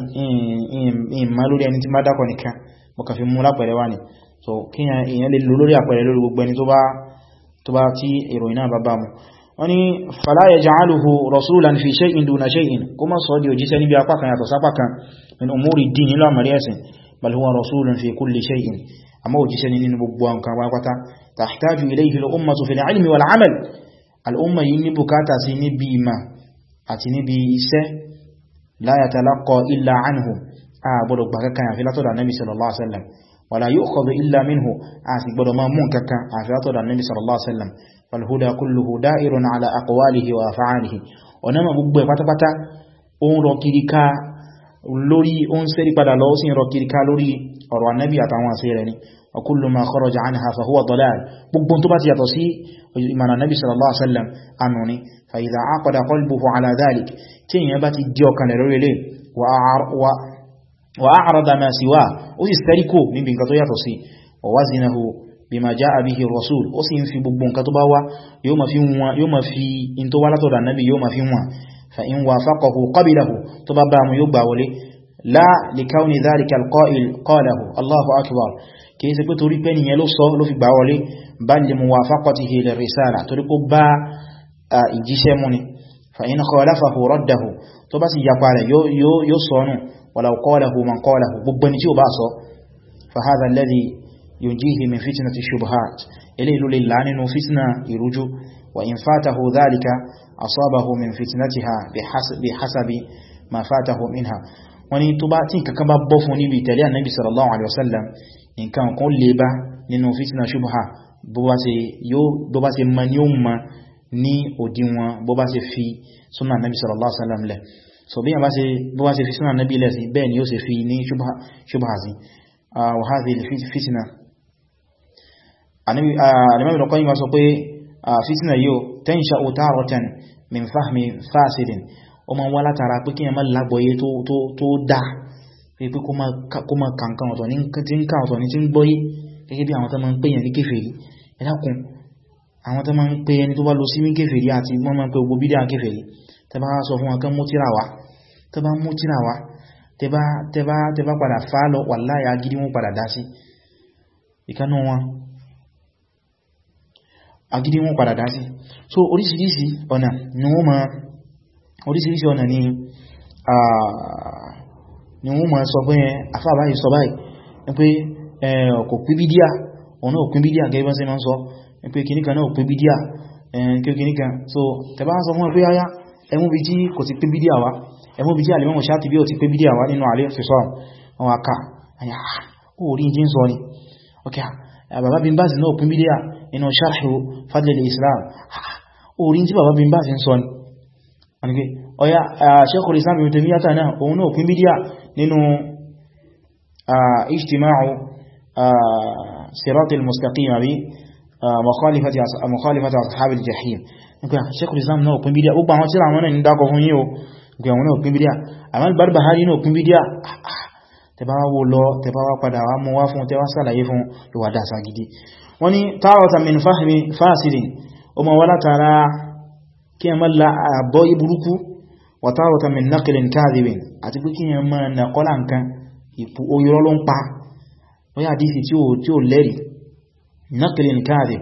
ìmá lórí ẹni tí má dákọ nìkan mo kàfi mú lápẹẹrẹ so kíyàn èèyàn lè lò lórí àpẹẹrẹ lórí gbogbo ẹni tó bá tí wọ́n ní fala yaj'aluhu rasulan fi shay'in duna shay'in kó má sọ di òjíṣẹ́ níbi apá kan yàtọ̀ sápá kan min umuri din nílò àmàrí ẹ̀sìn bal huwa rasulun fi kulli shay'in àmọ́ òjíṣẹ́ ní nínú gbogbo nǹkan wákwátá tahtaju ilayhi al-ummatu fil ilmi wal amal al'umma yìí ní bùkátà sí níbi ìmà àti níbi ولا يؤخذ إلا منه عافق بلما منكك عافيات النبي صلى الله عليه وسلم فالهدى كله دائر على أقواله وأفعاله ونما بقبه فتبتا أن ركيرك لوري أن سري بدا لوسين ركيرك لوري أروا النبي أتعوان سيرني وكل ما خرج عنها فهو ضلال بقبه تبات يتوسي إيمان النبي صلى الله عليه وسلم أنوني فإذا عقد قلبه على ذلك كين يباتي ديوكا لوري ليه وأعر wa a'rada ma siwa ó sì sẹ́ríkò níbi nǹkan tó yàtọ̀ sí wa wazinahu bima jaa bihi rasul ó sì ń fi gbogbo nǹkan tó bá wá yóò ma fi wọn yóò ma fi in tó wá látọ̀dọ̀ annabi yóò ma fi wọn fa in wafaqahu qabilahu tó bá bá mu yóò gbà wọlé la lè mú ولو قاله من قاله ببنجي وباسو فهذا الذي ينجيه من فتنة الشبهات إليه للعنين فتنة يرجو وإن فاته ذلك أصابه من فتنتها بحسب, بحسب ما فاته منها wani tó bá tí nǹkan kan bá bọ́ fún níbi ìtẹ̀lé ànábì sallallahu alaihi wasallam nǹkan kan lè bá nínú fitna ṣubha bó bá ṣe ma ní ó ma ní òdiwọ̀n bó bá ṣe fi súnà ànábì sallallahu alaihi wasallam lẹ̀ so bí wá sí fìsínà náà bí ilẹ̀ sí bẹ́ẹ̀ ni ó sì fi ní ṣubha sí wa hadhihi fìsínà alimọ́bìnà kan yí ma sọ pé fìsínà yíò tansha'u taratan min fahmi fasidin o ma wá látara pé kí ẹmọ́ lágbọ́yé tó dá pé kó ma kankan ọ̀tọ̀ ní tí ń ká ọ̀tọ̀ ní tí ń gbọ́yé gẹ́gẹ́ bí àwọn tó ma ń pè yẹn ní kéfèrí ẹ̀dàkùn àwọn tó ma ń pè ẹni tó bá lọ sí sọ fún akẹ́ mú tíra wá tó bá mú tíra wá tẹbá padà fà lọ wàláhì agídí wọn padà dá sí ìkanú wọn agídí wọn padà dá sí so oríṣiríṣi ọ̀nà ni wọ́n ma oríṣiríṣi ọ̀nà ni ni wọ́n ma sọ pé afábáyì sọ báyìí pé kò pín bídíà ọ̀nà òpin bídíà gẹ́gẹ́ sí ma ń sọ pé kìníkan náà òpin bídíà kìníkan so tẹbá sọ fún ẹgbẹ́ ayá ẹmú bí tí kò sí pín wá ẹwọ́ bí tí alìmọ́mù ṣáàtì bí ó ti pé bí díà wá nínú alẹ́ ìfẹ́sọ́ àwọn aka àyà orí jí ń sọ ni ọkẹ́ bàbá bin báàsì náà pín bí díà inú sharhu fadlil islam orí tí bàbá bin báàsì ń sọ ni ọya sheikhul islam ibn taymiyata náà òun náà pín bí díà nínú ijtima'u siratil mustaqim àbí gbé àwọn náà pín bídíà àmọ́ Barbahari náà pín bídíà tẹbá wo lọ tẹbá wá padà wá mọ́ wá fún gidi wọ́n ni tààrọta min fahimi fásidin o ma wọ́lá tààrà kí ẹ mọ́lá àbọ́ ìburúkú wà tààrọta min naqlin kadhibin àti pé kí ẹ mọ́ na kọ́lá nǹkan ìpù oyọrọ ló ń pa ó yà dífì tí ó lẹ́rì naqlin kadhib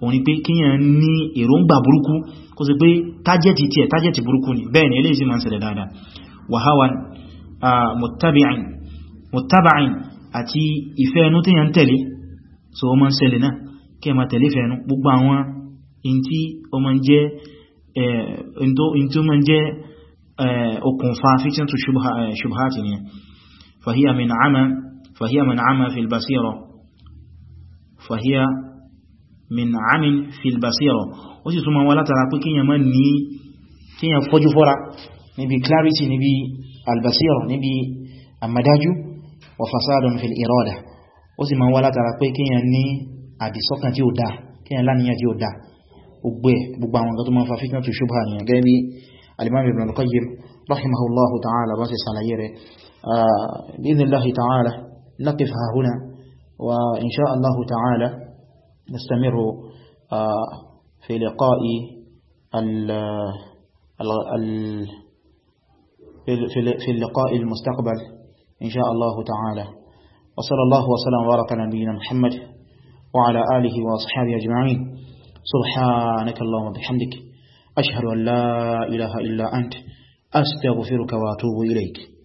òun ni pé kíyàn ní èròǹgbà burúkú kó sì pé tájẹ́tì tí ẹ̀ tájẹ́tì burúkú ni bẹ́ẹ̀ ni eléyìí sí máa ń ṣẹlẹ̀ dáadáa wàháwà mọ̀tàbàáyìn àti ìfẹ́ ẹnu tí yàn tẹ̀lé so ọmọ ń ṣẹlẹ̀ náà kí ẹ ma tẹ̀lé fẹ́ ẹnu gbogbo àwọn in tí min amin fil basira ó sì túnmọ̀ wọ́n látara pé kíyàn mọ́ ní kíyàn fọ́jú fọ́ra níbi clarity níbi albasira níbi àmàdájú wa fasadun fil irada ó sì máa wá látara pé kíyàn ní àdìsọ́kàn tí ó dá kíyàn láníyàn tí ó dá gbogbo àwọn nǹkan tó máa fa fitna tó ṣubha ní gẹ́gẹ́ bí al-imam ibn al-qayyim rahimahullahu ta'ala bá sì sàlàyé bi idhnillahi ta'ala naqif ha huna wa insha allahu ta'ala نستمر آه، في لقاء في اللقاء المستقبل إن شاء الله تعالى وصلى الله وسلم وبارك على نبينا محمد وعلى آله وأصحابه أجمعين سبحانك اللهم وبحمدك أشهد أن لا إله إلا أنت أستغفرك وأتوب إليك